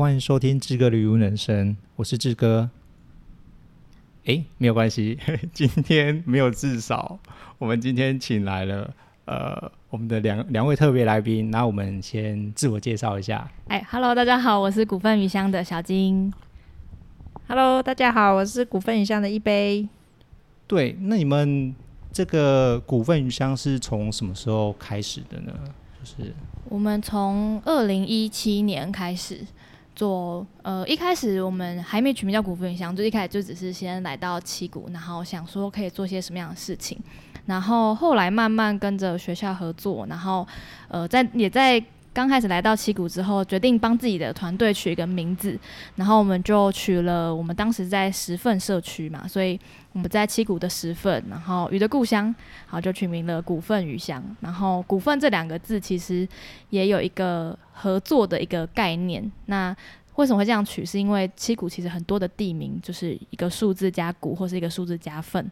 歡迎收聽志哥的漁塭人生，我是志哥。哎，沒有關係，今天沒有至少，我們今天請來了呃我們的兩兩位特別來賓，那我們先自我介紹一下。哎，Hello，大家好，我是股份魚鄉的小金。Hello，大家好，我是股份魚鄉的一杯。對，那你們這個股份魚鄉是從什麼時候開始的呢？就是我們從二零一七年開始。做呃，一開始我們還沒取名叫股份魚鄉，就一開始就只是先來到七股，然後想說可以做些什麼樣的事情，然後後來慢慢跟着學校合作，然後呃在也在。剛開始來到七股之後，決定幫自己的團隊取一個名字，然後我們就取了，我們當時在十份社區嘛，所以我們在七股的十份，然後魚的故鄉，好就取名了“股份魚鄉”。然後“股份”這兩個字其實也有一個合作的一個概念。那為什麼會這樣取？是因為七股其實很多的地名就是一個數字加“股”或是一個數字加“份”。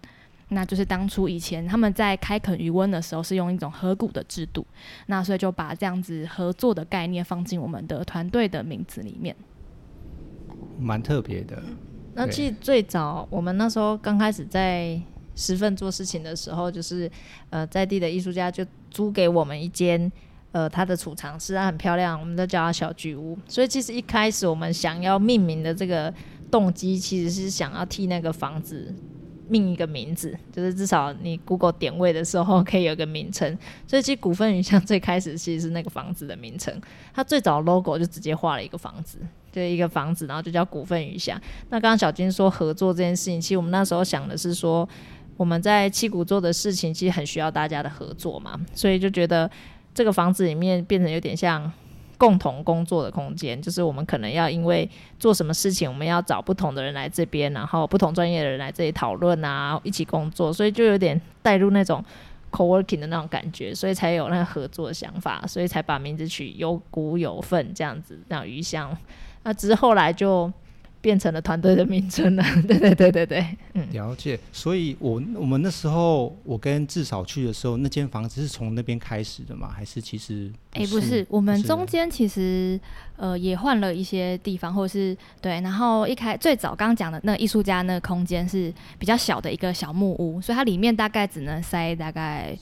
那就是當初以前他們在開墾漁塭的時候是用一種合股的制度，那所以就把這樣子合作的概念放進我們的團隊的名字裡面，蠻特別的、嗯。那其實最早我們那時候剛開始在十份做事情的時候，就是呃在地的藝術家就租給我們一間呃他的儲藏室，它、啊、很漂亮，我們都叫它小居屋。所以其實一開始我們想要命名的這個動機，其實是想要替那個房子。命一個名字，就是至少你 Google 點位的時候可以有個名稱。所以其實股份魚鄉最開始其實是那個房子的名稱，它最早的 Logo 就直接畫了一個房子，就是一個房子，然後就叫股份魚鄉。那剛剛小金說合作這件事情，其實我們那時候想的是說，我們在七股做的事情其實很需要大家的合作嘛，所以就覺得這個房子裡面變成有點像。共同工作的空間，就是我們可能要因為做什麼事情，我們要找不同的人來這邊，然後不同專業的人來這裡討論啊，一起工作，所以就有點帶入那種 co-working 的那種感覺，所以才有那個合作的想法，所以才把名字取有股有份這樣子，那樣魚鄉，那只是後來就。變成了團隊的名稱了，對對對對對，嗯，了解。所以我，我我們那時候，我跟志嫂去的時候，那間房子是從那邊開始的嘛？還是其實是？哎、欸，不是，我們中間其實呃也換了一些地方，或者是對。然後一開最早剛講的那藝術家那個空間是比較小的一個小木屋，所以它裡面大概只能塞大概。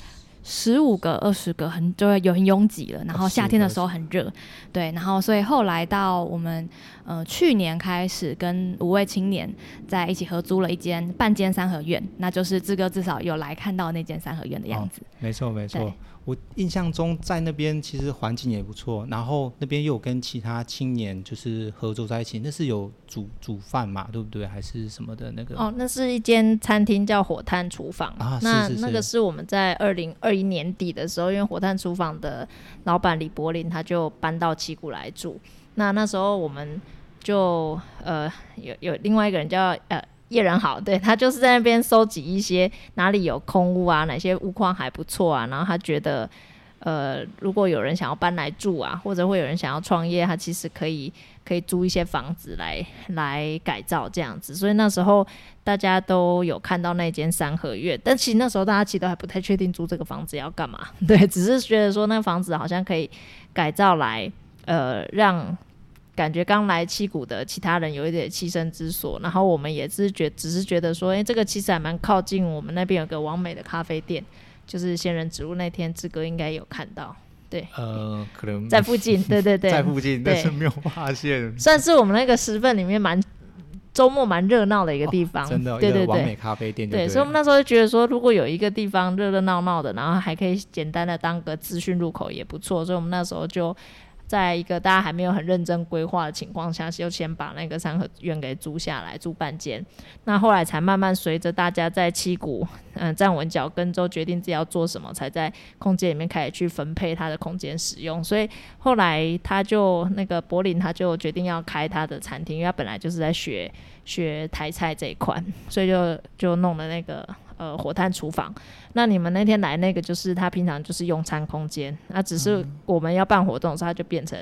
十五個、二十個很、很就會有很擁擠了。然後夏天的時候很熱，哦、對。然後所以後來到我們呃去年開始跟五位青年在一起合租了一間半間三合院，那就是志哥至少有來看到那間三合院的樣子。哦、沒錯，沒錯。我印象中，在那邊其實環境也不錯，然後那邊又有跟其他青年就是合作在一起，那是有煮煮飯嘛，對不對？還是什麼的那個？哦，那是一間餐廳叫火炭廚房。啊，那，是是是。那個是我們在二零二一年底的時候，因為火炭廚房的老闆李柏林他就搬到七股來住，那那時候我們就呃有有另外一個人叫呃。業人好，對，他就是在那邊收集一些哪裡有空屋啊，哪些屋況還不錯啊，然後他覺得，呃，如果有人想要搬來住啊，或者會有人想要創業，他其實可以可以租一些房子來來改造這樣子。所以那時候大家都有看到那間三合院，但其實那時候大家其實都還不太確定租這個房子要幹嘛，對，只是覺得說那房子好像可以改造來，呃，讓。感覺剛來七股的其他人有一點棲身之所，然後我們也是覺只是覺得說，哎、欸，這個其實還蠻靠近我們那邊有個網美的咖啡店，就是仙人植物那天志哥應該有看到，對，呃，可能在附近，呃、對，對對對，在附近，對但是沒有發現，算是我們那個時份裡面蠻週末蠻熱鬧的一個地方，哦、真的？對，對，對，對，對，所以我們那時候就覺得說，如果有一個地方熱熱鬧鬧的，然後還可以簡單的當個資訊入口也不錯，所以我們那時候就。在一個大家還沒有很認真規劃的情況下，就先把那個三合院給租下來，租半間。那後來才慢慢隨着大家在七股嗯站穩腳跟之後，決定自己要做什麼，才在空間裡面開始去分配它的空間使用。所以後來他就那個柏林，他就決定要開他的餐廳，因為他本來就是在學學台菜這一塊，所以就就弄了那個。呃，火炭廚房，那你們那天來那個就是他平常就是用餐空間，那、啊、只是我們要辦活動時候，它就變成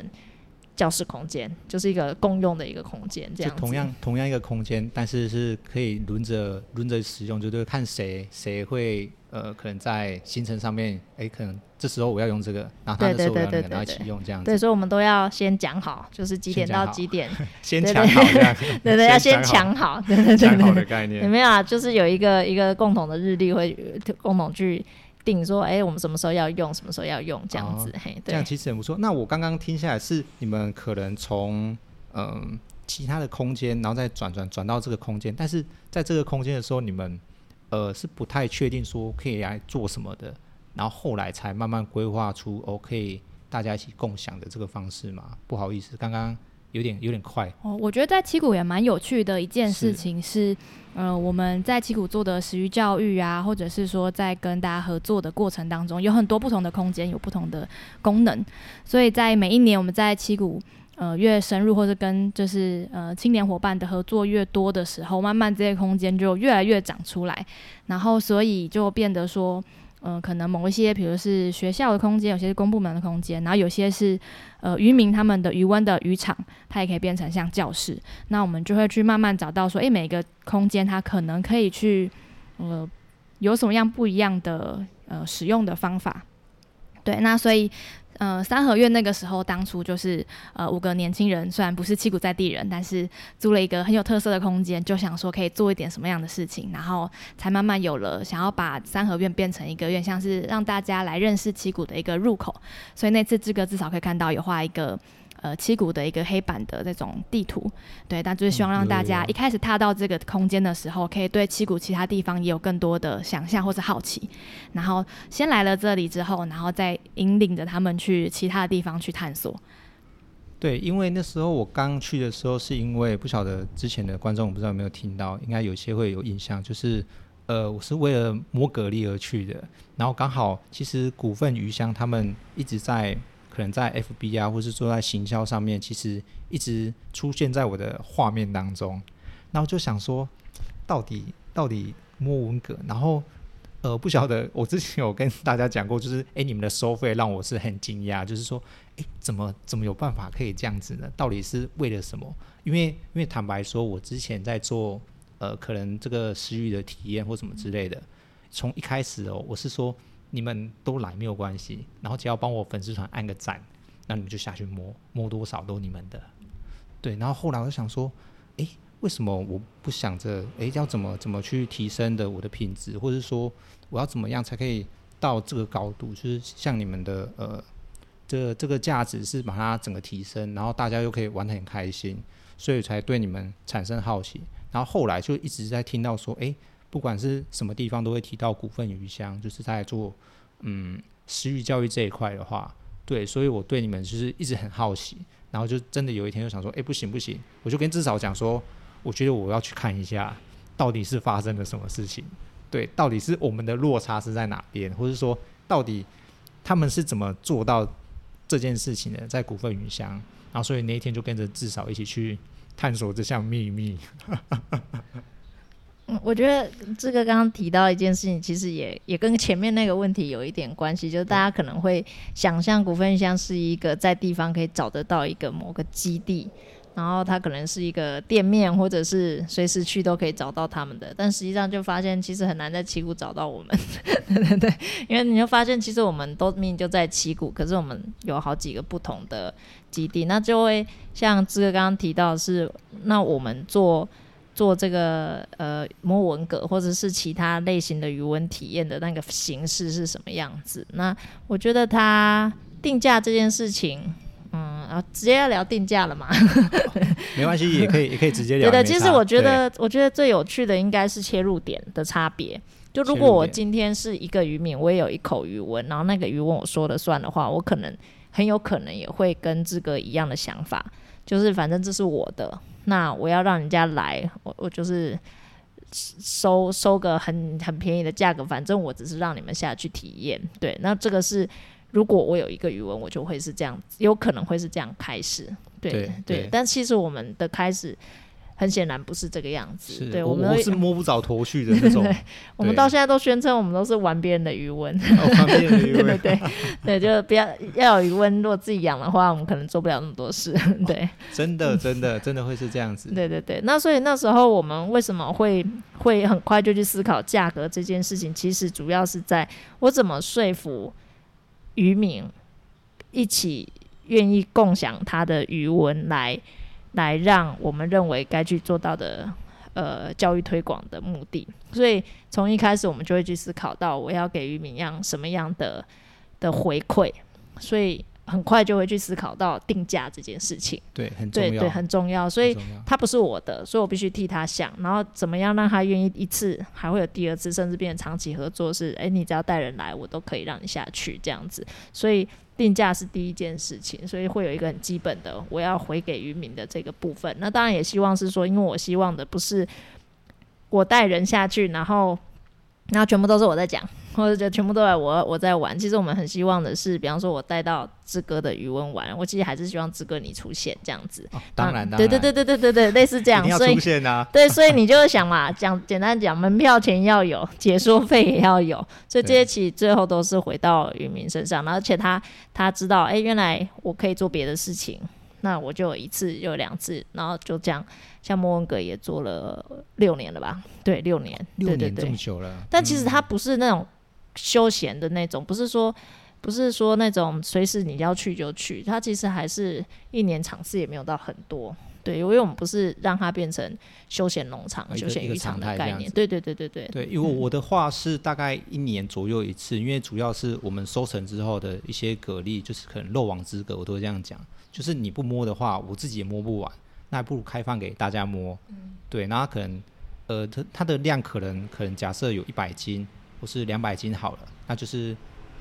教室空間，就是一個共用的一個空間，這樣。就同樣同樣一個空間，但是是可以輪着輪着使用，就是看誰誰會。呃，可能在行程上面，哎、欸，可能這時候我要用這個，然後他的時候我要跟他一起用，這樣子，對對對對對。對，所以我們都要先講好，就是幾點到幾點，先講好。對對，要先搶好，對對對，好， 對，對，對好，好， 搶好的概念有沒有啊？就是有一個一個共同的日曆，會共同去定說，哎、欸，我們什麼時候要用，什麼時候要用，這樣子。嘿、哦，這樣其實很不錯。那我剛剛聽下來是，你們可能從嗯、呃、其他的空間，然後再轉轉轉到這個空間，但是在這個空間的時候，你們。呃，是不太確定說可以來做什麼的，然後後來才慢慢規劃出 OK，哦，大家一起共享的這個方式嘛。不好意思，剛剛有點有點快。哦，我覺得在七股也蠻有趣的一件事情是，是呃，我們在七股做的食魚教育啊，或者是說在跟大家合作的過程當中，有很多不同的空間，有不同的功能，所以在每一年我們在七股。呃，越深入或者跟就是呃青年夥伴的合作越多的時候，慢慢這些空間就越來越長出來。然後，所以就變得說，呃，可能某一些，比如是學校的空間，有些是公部門的空間，然後有些是呃漁民他們的漁塭的漁場，它也可以變成像教室。那我們就會去慢慢找到說，誒、欸，每個空間它可能可以去呃有什麼樣不一樣的呃使用的方法。對，那所以。呃，三合院那個時候，當初就是呃五個年輕人，雖然不是七股在地人，但是租了一個很有特色的空間，就想說可以做一點什麼樣的事情，然後才慢慢有了想要把三合院變成一個院，像是讓大家來認識七股的一個入口。所以那次志哥至少可以看到有畫一個。呃，七股的一個黑板的那種地圖，對，但就是希望讓大家一開始踏到這個空間的時候，嗯啊、可以對七股其他地方也有更多的想象或是好奇。然後先來了這裡之後，然後再引領着他們去其他地方去探索。對，因為那時候我剛去的時候，是因為不曉得之前的觀眾我不知道有沒有聽到，應該有些會有印象，就是呃，我是為了摸蛤蜊而去的。然後剛好，其實股份魚鄉他們一直在。可能在 FB 啊，或是說在行銷上面，其實一直出現在我的畫面當中。那我就想說，到底到底摸文蛤，然後呃，不曉得我之前有跟大家講過，就是誒、欸，你們的收費讓我是很驚訝，就是說誒、欸，怎麼怎麼有辦法可以這樣子呢？到底是為了什麼？因為因為坦白說，我之前在做呃，可能這個私域的體驗或什麼之類的，從一開始哦，我是說。你們都來沒有關係，然後只要幫我粉絲團按個讚，那你們就下去摸摸多少都你們的，對。然後後來我就想說，哎，為什麼我不想着，哎，要怎麼怎麼去提升的我的品質，或者說我要怎麼樣才可以到這個高度，就是像你們的呃，這這個價值是把它整個提升，然後大家又可以玩得很開心，所以才對你們產生好奇。然後後來就一直在聽到說，哎。不管是什麼地方，都會提到股份魚鄉，就是在做嗯食魚教育這一塊的話，對，所以我對你們就是一直很好奇，然後就真的有一天就想說，哎、欸，不行不行，我就跟至少講說，我覺得我要去看一下，到底是發生了什麼事情，對，到底是我們的落差是在哪邊，或是說到底他們是怎麼做到這件事情的，在股份魚鄉，然後所以那一天就跟着至少一起去探索這項秘密。 嗯，我覺得志哥剛剛提到一件事情，其實也也跟前面那個問題有一點關係，就是大家可能會想象股份魚鄉像是一個在地方可以找得到一個某個基地，然後它可能是一個店面或者是隨時去都可以找到他們的，但實際上就發現其實很難在七股找到我們， 對對對，因為你就發現其實我們都明明就在七股，可是我們有好幾個不同的基地，那就會像志哥剛剛提到是，那我們做。做這個呃摸文蛤或者是其他類型的漁塭體驗的那個形式是什麼樣子？那我覺得他定價這件事情，嗯啊，直接要聊定價了嘛、哦。沒關係， 也可以，也可以直接聊。 對的，其實我覺得，我覺得最有趣的應該是切入點的差別。就如果我今天是一個漁民，我也有一口漁塭，然後那個漁塭我說了算的話，我可能很有可能也會跟這個一樣的想法，就是反正這是我的。那我要讓人家來，我我就是收收個很很便宜的價格，反正我只是讓你們下去體驗。對，那這個是如果我有一個魚塭，我就會是這樣，有可能會是這樣開始。對對，對，對，但其實我們的開始。很顯然不是這個樣子，對，我們我是摸不着頭緒的那種 對對對對。我們到現在都宣稱我們都是玩別人的魚塭，哦、 玩別人的魚塭 對對對 對，就不要要有魚塭。 如果自己養的話，我們可能做不了那麼多事。對，哦、真的真的真的會是這樣子。 對，對對對，那所以那時候我們為什麼會會很快就去思考價格這件事情？其實主要是在我怎麼說服漁民一起願意共享他的魚塭來。來讓我們認為該去做到的，呃，教育推廣的目的。所以從一開始我們就會去思考到，我要給予民樣什麼樣的的回饋。所以。很快就會去思考到定價這件事情，對，很重要，對，對，很重要。所以它不是我的，所以我必須替他想，然後怎麼樣讓他願意一次，還會有第二次，甚至變成長期合作。是，哎、欸，你只要帶人來，我都可以讓你下去這樣子。所以定價是第一件事情，所以會有一個很基本的，我要回給漁民的這個部分。那當然也希望是說，因為我希望的不是我帶人下去，然後，然後全部都是我在講，或者全部都我我在玩。其實我們很希望的是，比方說我帶到志哥的漁塭玩，我其實還是希望志哥你出現這樣子。哦、當然，對、啊、對對對對對對，類似這樣。你要出現啊？對，所以你就會想嘛， 講簡單講，門票錢要有，解說費也要有，所以這些其實最後都是回到漁民身上，而且他他知道，哎，原來我可以做別的事情，那我就一次又兩次，然後就這樣。像摸文蛤也做了六年了吧？對，六年，六年對對對，這麼久了。但其實它不是那種休閒的那種，嗯、不是說不是說那種隨時你要去就去。它其實還是一年場次也沒有到很多。對，因為我們不是讓它變成休閒農場、啊、休閒漁場的概念。對對對對對，對。因為我的話是大概一年左右一次，嗯，因為主要是我們收成之後的一些蛤蜊，就是可能漏網之蛤，我都會這樣講。就是你不摸的話，我自己也摸不完。那還不如開放給大家摸，嗯，對，那可能，呃，它它的量可能可能假設有一百斤或是兩百斤好了，那就是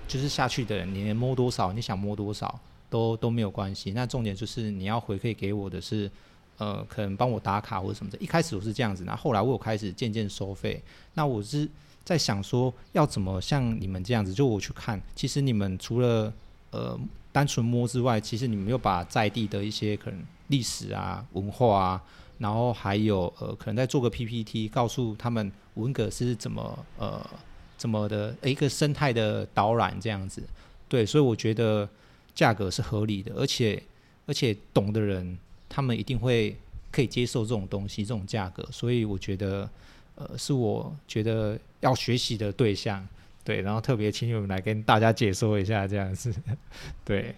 就是下去的人，你能摸多少，你想摸多少都都沒有關係。那重點就是你要回饋給我的是，呃，可能幫我打卡或者什麼的。一開始我是這樣子，那後來我有開始漸漸收費。那我是在想說，要怎麼像你們這樣子，就我去看，其實你們除了呃單純摸之外，其實你們又把在地的一些可能。歷史啊，文化啊，然後還有呃，可能再做個 PPT，告訴他們文革是怎麼呃，怎麼的、呃，一個生態的導覽這樣子。對，所以我覺得價格是合理的，而且而且懂的人，他們一定會可以接受這種東西，這種價格。所以我覺得，呃，是我覺得要學習的對象。對，然後特別請你們來跟大家解說一下這樣子，對。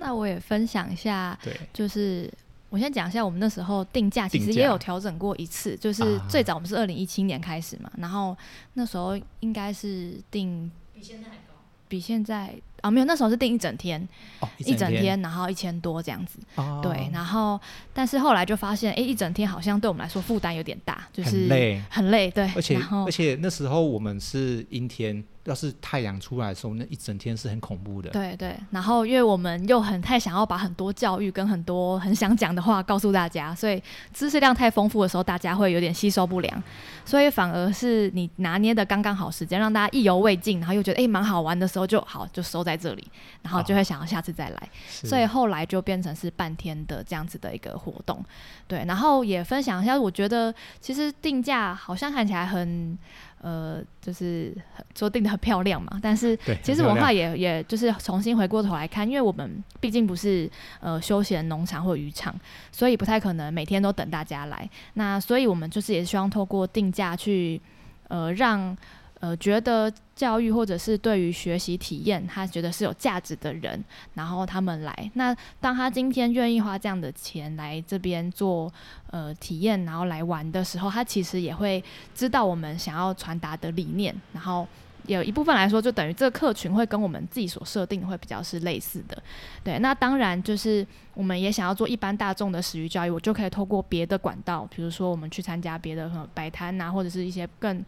那我也分享一下，就是我先講一下我們那時候定價其實也有調整過一次，就是最早我們是二零一七年開始嘛，然後那時候應該是定比現在還高，比現在。啊、哦，沒有，那時候是定一整天、哦、一整天，一整天，然後一千多這樣子，哦、對，然後但是後來就發現，哎、欸，一整天好像對我們來說負擔有點大，就是很累，很累，很累，對，而且而且那時候我們是陰天，要是太陽出來的時候，那一整天是很恐怖的，對對。然後因為我們又很太想要把很多教育跟很多很想講的話告訴大家，所以知識量太豐富的時候，大家會有點吸收不良，所以反而是你拿捏的剛剛好時間，讓大家意猶未盡，然後又覺得哎蠻、欸、好玩的時候就，就好就收在。在這裡，然後就會想要下次再來，所以後來就變成是半天的這樣子的一個活動，對，然後也分享一下，我覺得其實定價好像看起來很，呃，就是說定得很漂亮嘛，但是其實文化也也就是重新回過頭來看，因為我們畢竟不是呃休閒農場或漁場，所以不太可能每天都等大家來，那所以我們就是也是希望透過定價去，呃，讓。呃，覺得教育或者是對於學習體驗，他覺得是有價值的人，然後他們來。那當他今天願意花這樣的錢來這邊做呃體驗，然後來玩的時候，他其實也會知道我們想要傳達的理念。然後有一部分來說，就等於這個客群會跟我們自己所設定會比較是類似的。對，那當然就是我們也想要做一般大眾的食魚教育，我就可以透過別的管道，比如說我們去參加別的什麼擺攤啊，或者是一些更。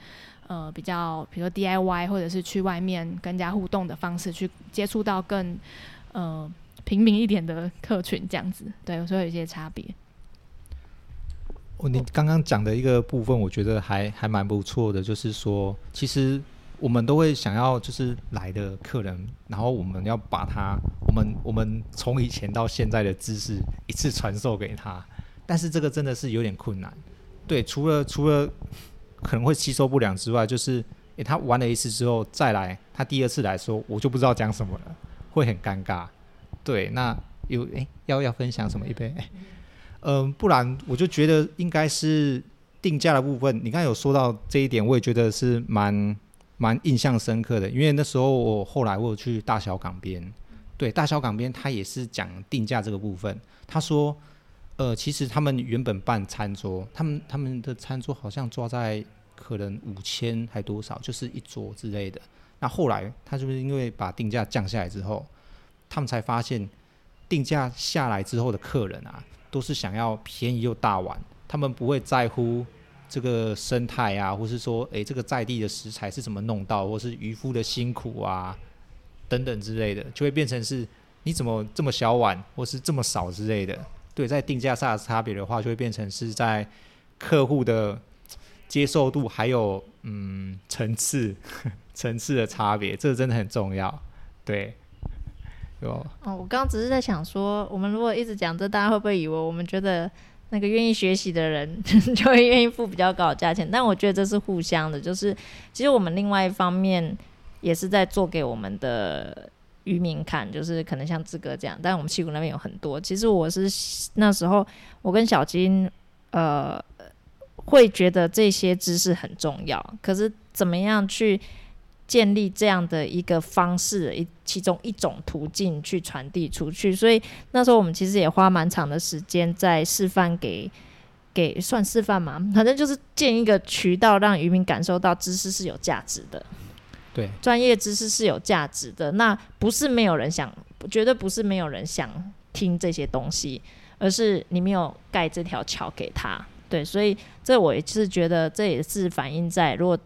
呃，比較，比如說 DIY，或者是去外面更加互動的方式去接觸到更呃平民一點的客群，這樣子，對，所以有些差別。哦，你剛剛講的一個部分，我覺得還還蠻不錯的，就是說，其實我們都會想要就是來的客人，然後我們要把他，我們我們從以前到現在的知識一次傳授給他，但是這個真的是有點困難。對，除了除了。可能會吸收不良之外，就是誒、欸，他玩了一次之後再來，他第二次來說，我就不知道講什麼了，會很尷尬。對，那有誒、欸，要要分享什麼一杯？嗯、欸呃，不然我就覺得應該是定價的部分。你剛才有說到這一點，我也覺得是蠻蠻印象深刻的，因為那時候我後來我有去大小港邊，對，大小港邊他也是講定價這個部分，他說。呃，其實他們原本辦餐桌，他們他們的餐桌好像抓在可能五千還多少，就是一桌之類的。那後來他就是因為把定價降下來之後，他們才發現定價下來之後的客人啊，都是想要便宜又大碗，他們不會在乎這個生態啊，或是說誒、欸，這個在地的食材是怎麼弄到，或是漁夫的辛苦啊等等之類的，就會變成是你怎麼這麼小碗，或是這麼少之類的。對，在定價上的差別的話，就會變成是在客戶的接受度還有嗯層次層次的差別，這真的很重要。對，哦，我剛剛只是在想說，我們如果一直講這，大家會不會以為我們覺得那個願意學習的人 就會願意付比較高的價錢？但我覺得這是互相的，就是其實我們另外一方面也是在做給我們的。漁民看，就是可能像志哥這樣，但我們七股那邊有很多。其實我是那時候，我跟小金，呃，會覺得這些知識很重要。可是怎麼樣去建立這樣的一個方式，一其中一種途徑去傳遞出去？所以那時候我們其實也花蠻長的時間在示範，給給算示範嘛，反正就是建一個渠道，讓漁民感受到知識是有價值的。對，專業知識是有價值的。那不是沒有人想，絕對不是沒有人想聽這些東西，而是你沒有蓋這條橋給他。對，所以這我也是覺得，這也是反映在如果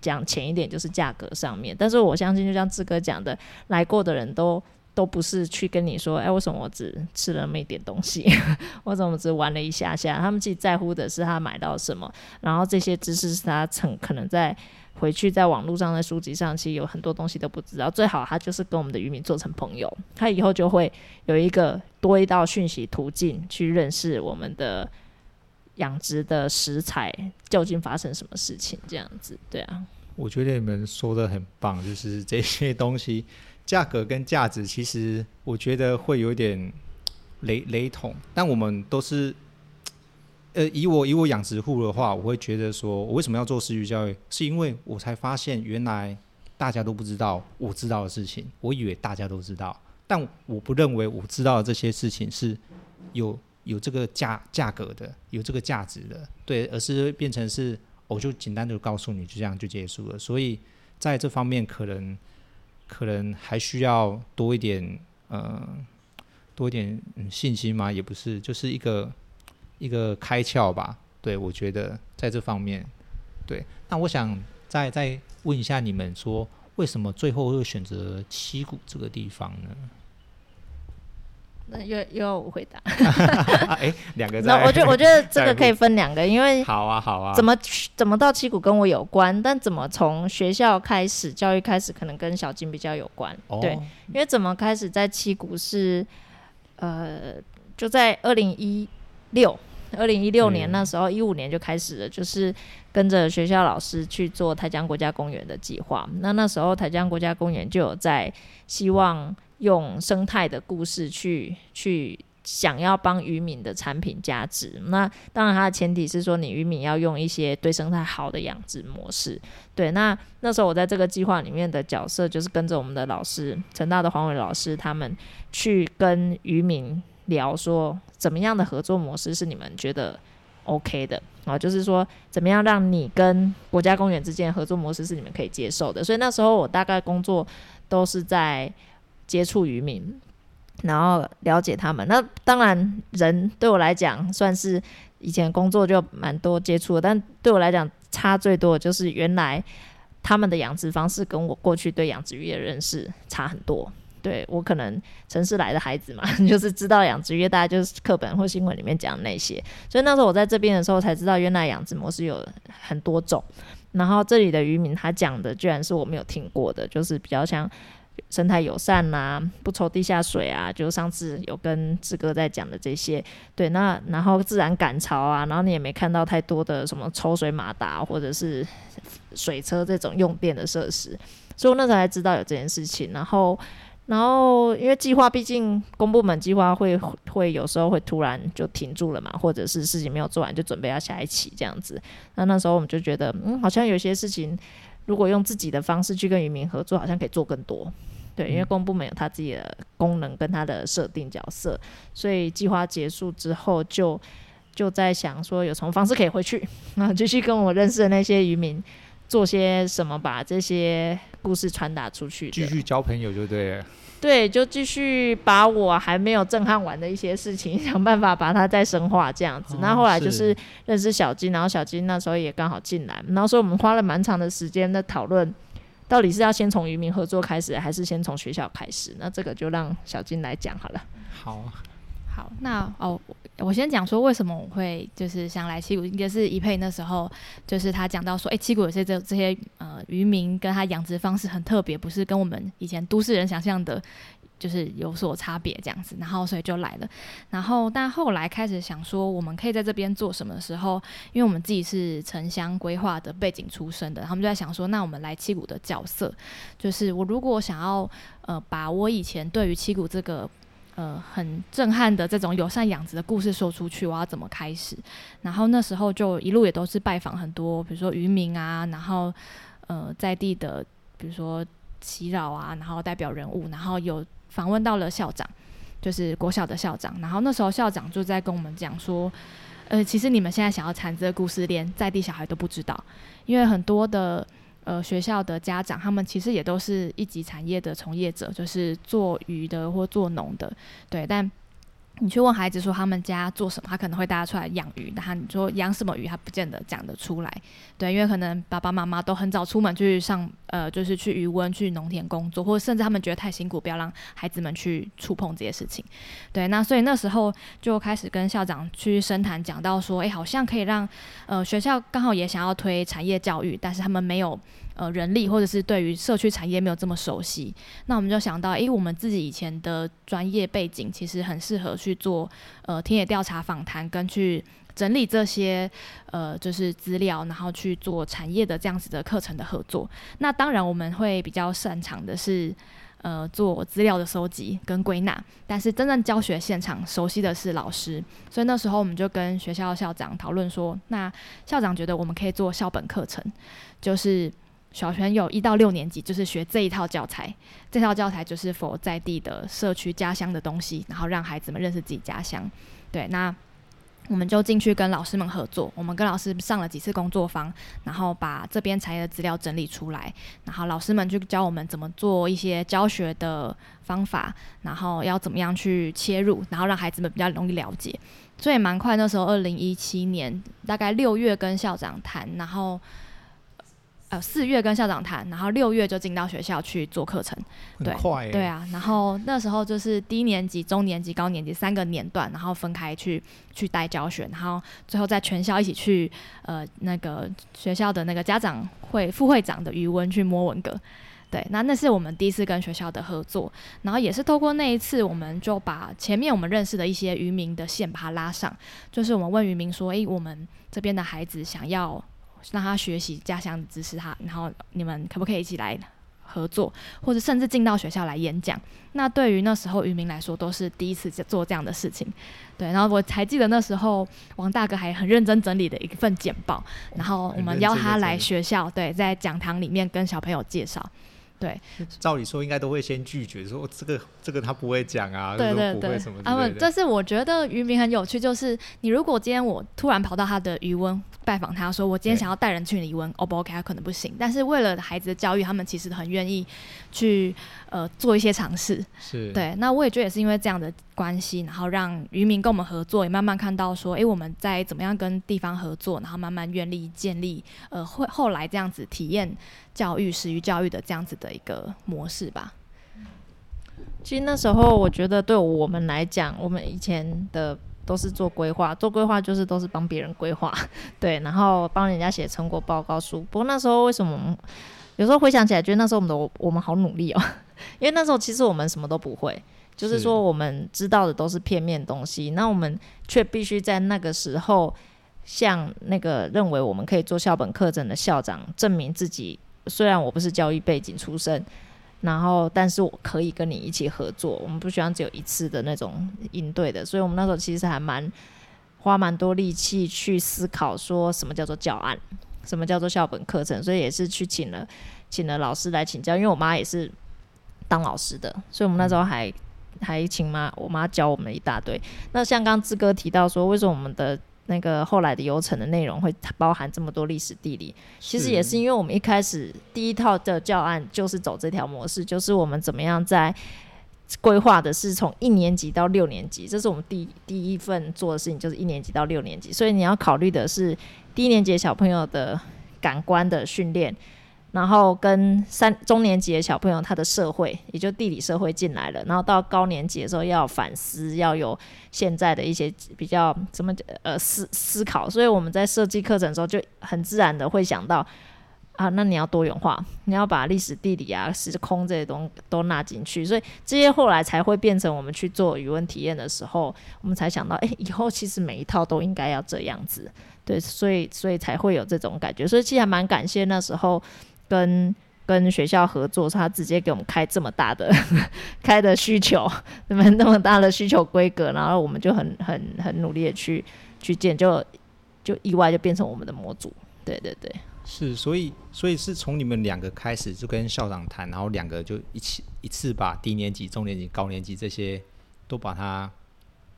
講淺一點，就是價格上面。但是我相信，就像志哥講的，來過的人都都不是去跟你說，哎，為什麼我只吃了那麼一點東西？ 我怎麼只玩了一下下？他們自己在乎的是他買到什麼，然後這些知識是他可能在。回去在網絡上在書籍上，其實有很多東西都不知道。最好他就是跟我們的漁民做成朋友，他以後就會有一個多一道訊息途徑去認識我們的養殖的食材究竟發生什麼事情，這樣子，對啊。我覺得你們說的很棒，就是這些東西價格跟價值，其實我覺得會有點雷雷同，但我們都是。呃，以我以我養殖戶的話，我會覺得說，我為什麼要做食魚教育，是因為我才發現原來大家都不知道我知道的事情。我以為大家都知道，但我不認為我知道的這些事情是有有這個價價格的，有這個價值的，對，而是變成是我就簡單的告訴你，就這樣就結束了。所以在這方面，可能可能還需要多一點嗯、呃，多一點、嗯、信心嘛，也不是，就是一個。一個開竅吧，對我覺得在這方面，對。那我想再再問一下你們說，說為什麼最後會選擇七股這個地方呢？那又又要我回答？兩、 欸、個在，no, 在我覺得我覺得這個可以分兩個， 因為好啊好啊，怎麼怎麼到七股跟我有關？但怎麼從學校開始教育開始，可能跟小金比較有關，哦、對，因為怎麼開始在七股是呃，就在二零一。六二零一六年那時候，一五年就開始了，嗯、就是跟着學校老師去做台江國家公園的計劃。那那時候台江國家公園就有在希望用生態的故事去去想要幫漁民的產品加值。那當然它的前提是說，你漁民要用一些對生態好的養殖模式。對，那那時候我在這個計劃裡面的角色就是跟着我們的老師，成大的黃偉老師他們去跟漁民。聊說怎麼樣的合作模式是你們覺得 OK 的啊？就是說怎麼樣讓你跟國家公園之間的合作模式是你們可以接受的。所以那時候我大概工作都是在接觸漁民，然後了解他們。那當然人對我來講算是以前工作就蠻多接觸的，但對我來講差最多的就是原來他們的養殖方式跟我過去對養殖業的認識差很多。對，我可能城市來的孩子嘛，就是知道養殖，因為大家就是課本或新聞裡面講那些，所以那時候我在這邊的時候才知道原來養殖模式有很多種。然後這裡的漁民他講的居然是我沒有聽過的，就是比較像生態友善啊，不抽地下水啊，就上次有跟志哥在講的這些。對，那然後自然趕潮啊，然後你也沒看到太多的什麼抽水馬達或者是水車這種用電的設施，所以我那時候才知道有這件事情。然後。然後，因為計劃畢竟公部門計劃會會有時候會突然就停住了嘛，或者是事情沒有做完就準備要下一期這樣子。那那時候我們就覺得，嗯，好像有些事情如果用自己的方式去跟漁民合作，好像可以做更多。對，因為公部門有他自己的功能跟他的設定角色，所以計劃結束之後就就在想說有什麼方式可以回去，然後繼續跟我認識的那些漁民。做些什麼把這些故事傳達出去？繼續交朋友就對了。對，就繼續把我還沒有震撼完的一些事情，想辦法把它再深化這樣子。嗯、那後來就是認識小金，然後小金那時候也剛好進來，然後說我們花了蠻長的時間的討論，到底是要先從漁民合作開始，還是先從學校開始？那這個就讓小金來講好了。好。好，那哦，我先講說為什麼我會就是想來七股。應該是怡佩那時候就是他講到說，誒、欸，七股有些這這些呃漁民跟他養殖方式很特別，不是跟我們以前都市人想象的，就是有所差別這樣子，然後所以就來了。然後但後來開始想說，我們可以在這邊做什麼的時候，因為我們自己是城鄉規劃的背景出身的，然後他們就在想說，那我們來七股的角色，就是我如果想要呃把我以前對於七股這個。呃，很震撼的這種友善養殖的故事說出去，我要怎麼開始？然後那時候就一路也都是拜訪很多，比如說漁民啊，然後呃在地的，比如說耆老啊，然後代表人物，然後有訪問到了校長，就是國小的校長。然後那時候校長就在跟我們講說，呃，其實你們現在想要產這個故事，連在地小孩都不知道，因為很多的。呃，學校的家長，他們其實也都是一級產業的從業者，就是做魚的或做農的，對，但。你去問孩子說他們家做什麼，他可能會帶他出來養魚。那你說養什麼魚，他不見得講得出來。對，因為可能爸爸媽媽都很早出門去上呃，就是去漁塭、去農田工作，或者甚至他們覺得太辛苦，不要讓孩子們去觸碰這些事情。對，那所以那時候就開始跟校長去深談，講到說，哎、欸，好像可以讓呃學校剛好也想要推產業教育，但是他們沒有。呃，人力或者是對於社區產業沒有這麼熟悉，那我們就想到，誒、欸，我們自己以前的專業背景其實很適合去做呃田野調查、訪談跟去整理這些呃就是資料，然後去做產業的這樣子的課程的合作。那當然我們會比較擅長的是呃做資料的收集跟歸納，但是真正教學現場熟悉的是老師，所以那時候我們就跟學校校長討論說，那校長覺得我們可以做校本課程，就是。小學有一到六年級就是學這一套教材，這套教材就是所在地的社區、家鄉的東西，然後讓孩子們認識自己家鄉。對，那我們就進去跟老師們合作，我們跟老師上了幾次工作坊，然後把這邊產業的資料整理出來，然後老師們就教我們怎麼做一些教學的方法，然後要怎麼樣去切入，然後讓孩子們比較容易了解。所以蠻快，那時候二零一七年大概六月跟校長談，然後。四月跟校長談，然後六月就進到學校去做課程，對，很快欸，對啊。然後那時候就是低年級、中年級、高年級三個年段，然後分開去去帶教學，然後最後在全校一起去呃那個學校的那個家長會副會長的魚塭去摸文蛤。對，那那是我們第一次跟學校的合作，然後也是透過那一次，我們就把前面我們認識的一些漁民的線把它拉上，就是我們問漁民說：“哎、欸，我們這邊的孩子想要。”讓他學習家鄉知識，他，然後你們可不可以一起來合作，或者甚至進到學校來演講？那對於那時候漁民來說，都是第一次做這樣的事情。對，然後我還記得那時候王大哥還很認真整理了一份簡報，然後我們邀他來學校，對，在講堂裡面跟小朋友介紹。對，照理說應該都會先拒絕，說這個這個他不會講啊，對對對他們，但是我覺得漁民很有趣，就是你如果今天我突然跑到他的漁塭拜訪他，他說，我今天想要帶人去你漁塭，O 不 O K？他可能不行。但是為了孩子的教育，他們其實很願意去。呃，做一些嘗試，是。對。那我也覺得也是因為這樣的關係，然後讓漁民跟我們合作，也慢慢看到說，哎、欸，我們在怎麼樣跟地方合作，然後慢慢願力建立，呃，後後來這樣子體驗教育、食魚教育的這樣子的一個模式吧。其實那時候我覺得，對我們來講，我們以前的都是做規劃，做規劃就是都是幫別人規劃，對，然後幫人家寫成果報告書。不過那時候為什麼？有時候回想起來，覺得那時候我們都我們好努力哦，因為那時候其實我們什麼都不會，是就是說我們知道的都是片面東西，那我們卻必須在那個時候向那個認為我們可以做校本課程的校長證明自己。雖然我不是教育背景出身，然後但是我可以跟你一起合作。我們不希望只有一次的那種應對的，所以我們那時候其實還蠻花蠻多力氣去思考說什麼叫做教案。什麼叫做校本課程？所以也是去請了，請了老師來請教。因為我媽也是當老師的，所以我們那時候還、嗯、還請媽，我媽教我們一大堆。那像剛剛志哥提到說，為什麼我們的那個後來的遊程的內容會包含這麼多歷史地理？其實也是因為我們一開始第一套的教案就是走這條模式，就是我們怎麼樣在。規劃的是從一年級到六年級，這是我們第第一份做的事情，就是一年級到六年級。所以你要考慮的是低年級的小朋友的感官的訓練，然後跟三中年級的小朋友他的社會，也就地理社會進來了，然後到高年級的時候要反思，要有現在的一些比較怎麼呃思思考。所以我們在設計課程的時候，就很自然的會想到。啊，那你要多元化，你要把歷史、地理啊、時空這些東西都納進去，所以這些後來才會變成我們去做漁塭體驗的時候，我們才想到，哎、欸，以後其實每一套都應該要這樣子，對，所以所以才會有這種感覺，所以其實還蠻感謝那時候跟跟學校合作，他直接給我們開這麼大的 開的需求，那麼那麼大的需求規格，然後我們就很很很努力的去去建，就就意外就變成我們的模組，對對對。是，所以所以是從你們兩個開始就跟校長談，然後兩個就一起一次把低年級、中年級、高年級這些都把它，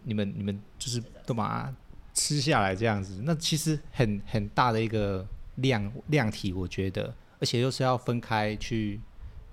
你們你們就是都把它吃下來這樣子。那其實很很大的一個量量體，我覺得，而且又是要分開去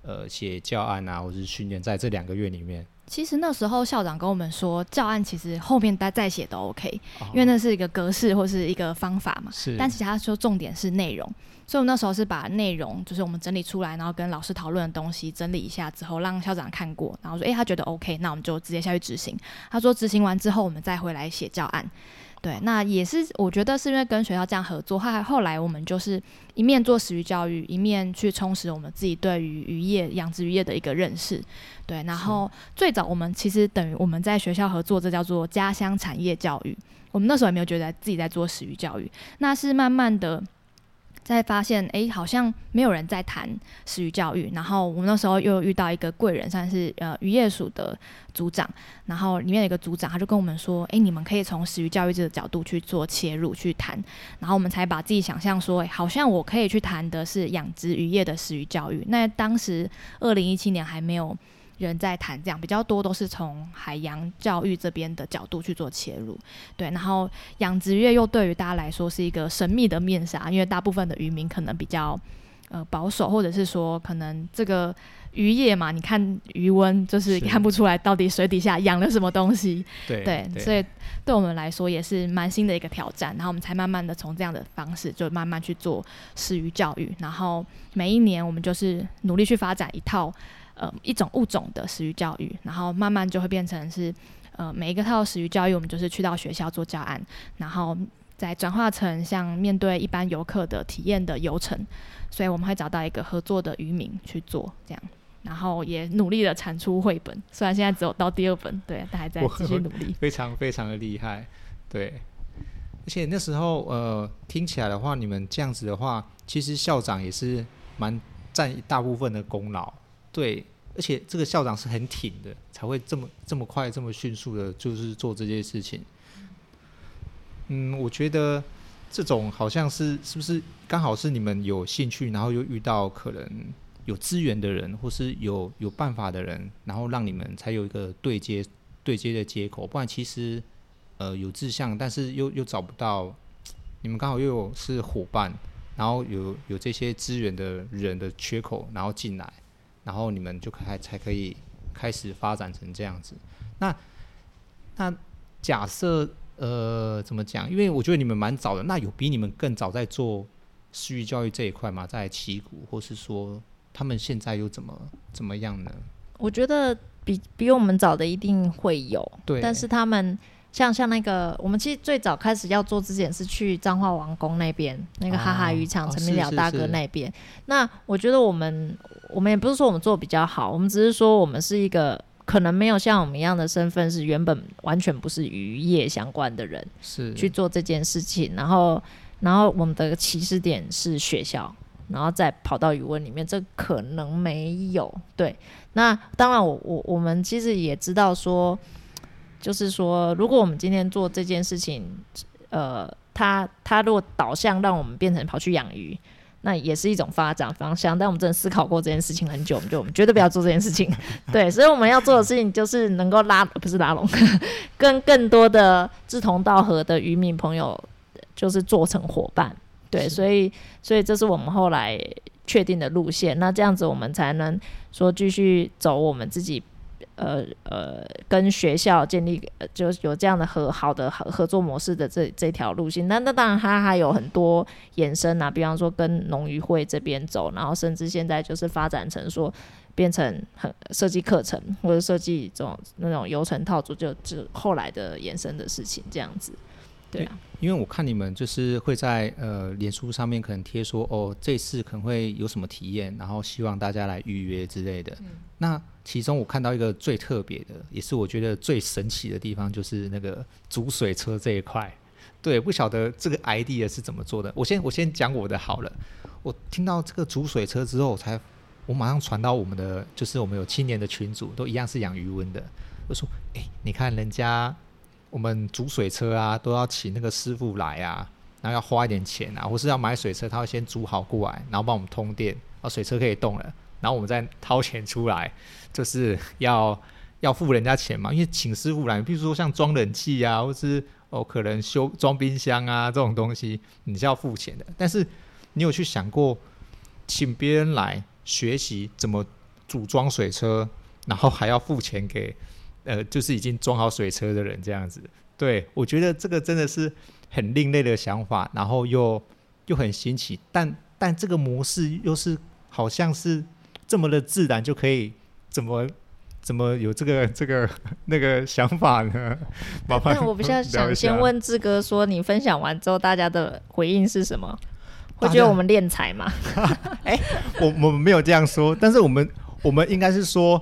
呃寫教案啊，或者是訓練，在這兩個月裡面。其實那時候校長跟我們說，教案其實後面再再寫都 OK，哦、因為那是一個格式或是一個方法嘛。是。但其實他說重點是內容，所以我們那時候是把內容，就是我們整理出來，然後跟老師討論的東西整理一下之後，讓校長看過，然後說，哎、欸，他覺得 OK，那我們就直接下去執行。他說執行完之後，我們再回來寫教案。對，那也是，我覺得是因為跟學校這樣合作，後來我們就是一面做食魚教育，一面去充實我們自己對於漁業、養殖漁業的一個認識。對，然後最早我們其實等於我們在學校合作，這叫做家鄉產業教育，我們那時候也沒有覺得自己在做食魚教育，那是慢慢的。再發現，哎、欸，好像沒有人在談食魚教育。然後我們那時候又遇到一個貴人，算是呃漁業署的組長。然後裡面有一個組長，他就跟我們說，哎、欸，你們可以從食魚教育這個角度去做切入去談。然後我們才把自己想象說，哎，好像我可以去談的是養殖漁業的食魚教育。那當時二零一七年還沒有。人在談這樣比較多，都是從海洋教育這邊的角度去做切入，對。然後養殖業又對於大家來說是一個神秘的面紗，因為大部分的漁民可能比較呃保守，或者是說可能這個漁業嘛，你看漁塭就是看不出來到底水底下養了什麼東西，對對，對。所以對我們來說也是蠻新的一個挑戰，然後我們才慢慢的從這樣的方式就慢慢去做食魚教育，然後每一年我們就是努力去發展一套。呃，一種物種的食魚教育，然後慢慢就會變成是，呃，每一個套食魚教育，我們就是去到學校做教案，然後再轉化成像面對一般遊客的體驗的遊程。所以我們會找到一個合作的漁民去做這樣，然後也努力的產出繪本。雖然現在只有到第二本，對，但還在繼續努力。非常非常的厲害，對。而且那時候，呃，聽起來的話，你們這樣子的話，其實校長也是蠻占一大部分的功勞。對，而且這個校長是很挺的，才會這麼這麼快，這麼迅速的，就是做這件事情。嗯，我覺得這種好像是，是不是剛好是你們有興趣，然後又遇到可能有資源的人，或是有有辦法的人，然後讓你們才有一個對接對接的接口。不然其實呃有志向，但是又又找不到，你們剛好又有是夥伴，然後有有這些資源的人的缺口，然後進來。然後你們就開才可以開始發展成這樣子。那那假設呃怎麼講？因為我覺得你們蠻早的。那有比你們更早在做食魚教育這一塊嘛？在七股，或是說他們現在又怎麼怎麼樣呢？我覺得比比我們早的一定會有，對，但是他們。像像那個，我們其實最早開始要做這件事是去彰化王宮那邊，啊，那個哈哈漁場陳明了大哥那邊，哦。那我覺得我們，我們也不是說我們做得比較好，我們只是說我們是一個可能沒有像我們一樣的身份，是原本完全不是漁業相關的人，是去做這件事情。然後，然後我們的起始點是學校，然後再跑到漁塭裡面，這可能沒有對。那當然我，我我我們其實也知道說。就是說，如果我們今天做這件事情，呃，它它如果導向讓我們變成跑去養魚，那也是一種發展方向。但我們真的思考過這件事情很久， 我們就我們絕對不要做這件事情。 對，所以我們要做的事情就是能夠拉，不是拉攏， 跟更多的志同道合的漁民朋友，就是做成夥伴。對，所以所以這是我們後來確定的路線。那這樣子我們才能說繼續走我們自己。呃呃，跟學校建立，呃，就是有這樣的和好的合合作模式的這這條路線，那那當然它還有很多延伸啊，比方說跟農漁會這邊走，然後甚至現在就是發展成說變成很設計課程或者設計這種那種遊程套組，就就後來的延伸的事情這樣子。對，因為我看你們就是會在呃，臉書上面可能貼說哦，這次可能會有什麼體驗，然後希望大家來預約之類的、嗯。那其中我看到一個最特別的，也是我覺得最神奇的地方，就是那個煮水車這一塊。對，不曉得這個 idea 是怎麼做的。我先我先講我的好了。我聽到這個煮水車之後，我才我馬上傳到我們的，就是我們有青年的群組都一樣是養魚塭的，我說：哎、欸，你看人家。我們組水車啊，都要請那個師傅來啊，然後要花一點錢啊，或是要買水車，他會先組好過來，然後幫我們通電，啊，水車可以動了，然後我們再掏錢出來，就是要要付人家錢嘛，因為請師傅來，比如說像裝冷氣啊，或是哦可能修裝冰箱啊這種東西，你是要付錢的。但是你有去想過，請別人來學習怎麼組裝水車，然後還要付錢給？呃，就是已經裝好水車的人這樣子，對，我覺得這個真的是很另類的想法，然後又又很新奇，但但這個模式又是好像是這麼的自然就可以，怎麼怎麼有這個這個那個想法呢？那我比較想先問志哥說，你分享完之後大家的回應是什麼？會覺得我們斂財嗎？哎，我我們沒有這樣說，但是我們我們應該是說。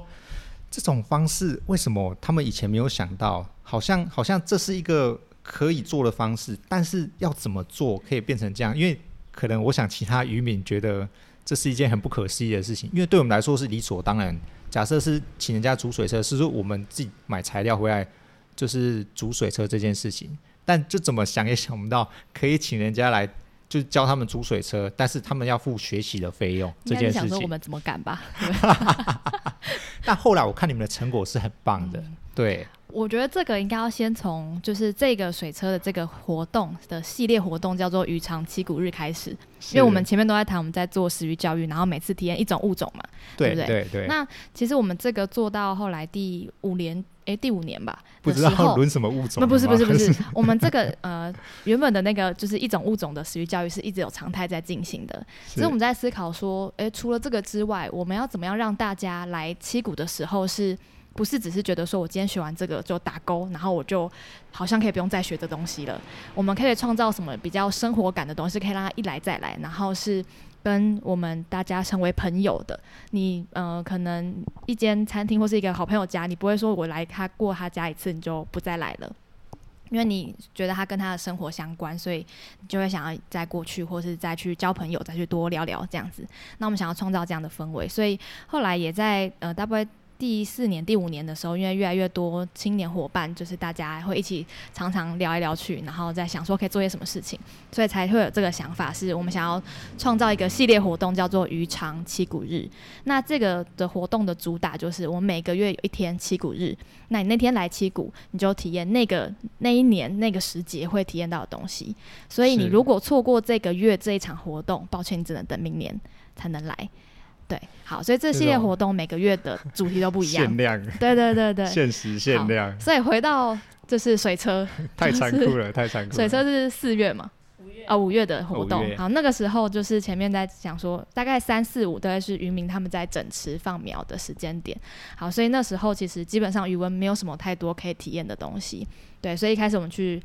這種方式為什麼他們以前沒有想到？好像好像這是一個可以做的方式，但是要怎麼做可以變成這樣？因為可能我想其他漁民覺得這是一件很不可思議的事情，因為對我們來說是理所當然。假設是請人家煮水車，是說我們自己買材料回來就是煮水車這件事情，但就怎麼想也想不到可以請人家來。就是教他們煮水車，但是他們要付學習的費用。這件事情，想說我們怎麼敢吧？ 但後來我看你們的成果是很棒的。嗯。對，我覺得這個應該要先從就是這個水車的這個活動的系列活動叫做“魚常七股日”開始，因為我們前面都在談我們在做食魚教育，然後每次體驗一種物種嘛，對，對不對？對對。那其實我們這個做到後來第五年，誒，第五年吧，不知道輪什麼物種？不是不是不是， 我們這個呃原本的那個就是一種物種的食魚教育是一直有常態在進行的，所以我們在思考說，誒，除了這個之外，我們要怎麼樣讓大家來七股的時候是。不是只是覺得說我今天學完這個就打勾，然後我就好像可以不用再學這東西了。我們可以創造什麼比較生活感的東西，可以讓他一來再來，然後是跟我們大家成為朋友的。你呃，可能一間餐廳或是一個好朋友家，你不會說我來他過他家一次，你就不再來了，因為你覺得他跟他的生活相關，所以你就會想要再過去或是再去交朋友，再去多聊聊這樣子。那我們想要創造這樣的氛圍，所以後來也在呃 W。第四年、第五年的時候，因為越來越多青年夥伴，就是大家會一起常常聊一聊去，然後在想說可以做些什麼事情，所以才會有這個想法，是我們想要創造一個系列活動，叫做“魚常七股日”。那這個的活動的主打就是，我們每個月有一天七股日，那你那天來七股，你就體驗那個那一年那個時節會體驗到的東西。所以你如果錯過這個月這一場活動，抱歉，你只能等明年才能來。對，好，所以這系列活動每個月的主題都不一樣，限量，對對對對，限時限量。所以回到就是水車，就是、太殘酷了，太殘酷了。水車是四月嘛，五月啊，五月的活動。好，那個時候就是前面在講說，大概三四五都是漁民他們在整池放苗的時間點。好，所以那時候其實基本上漁塭沒有什麼太多可以體驗的東西。對，所以一開始我們去。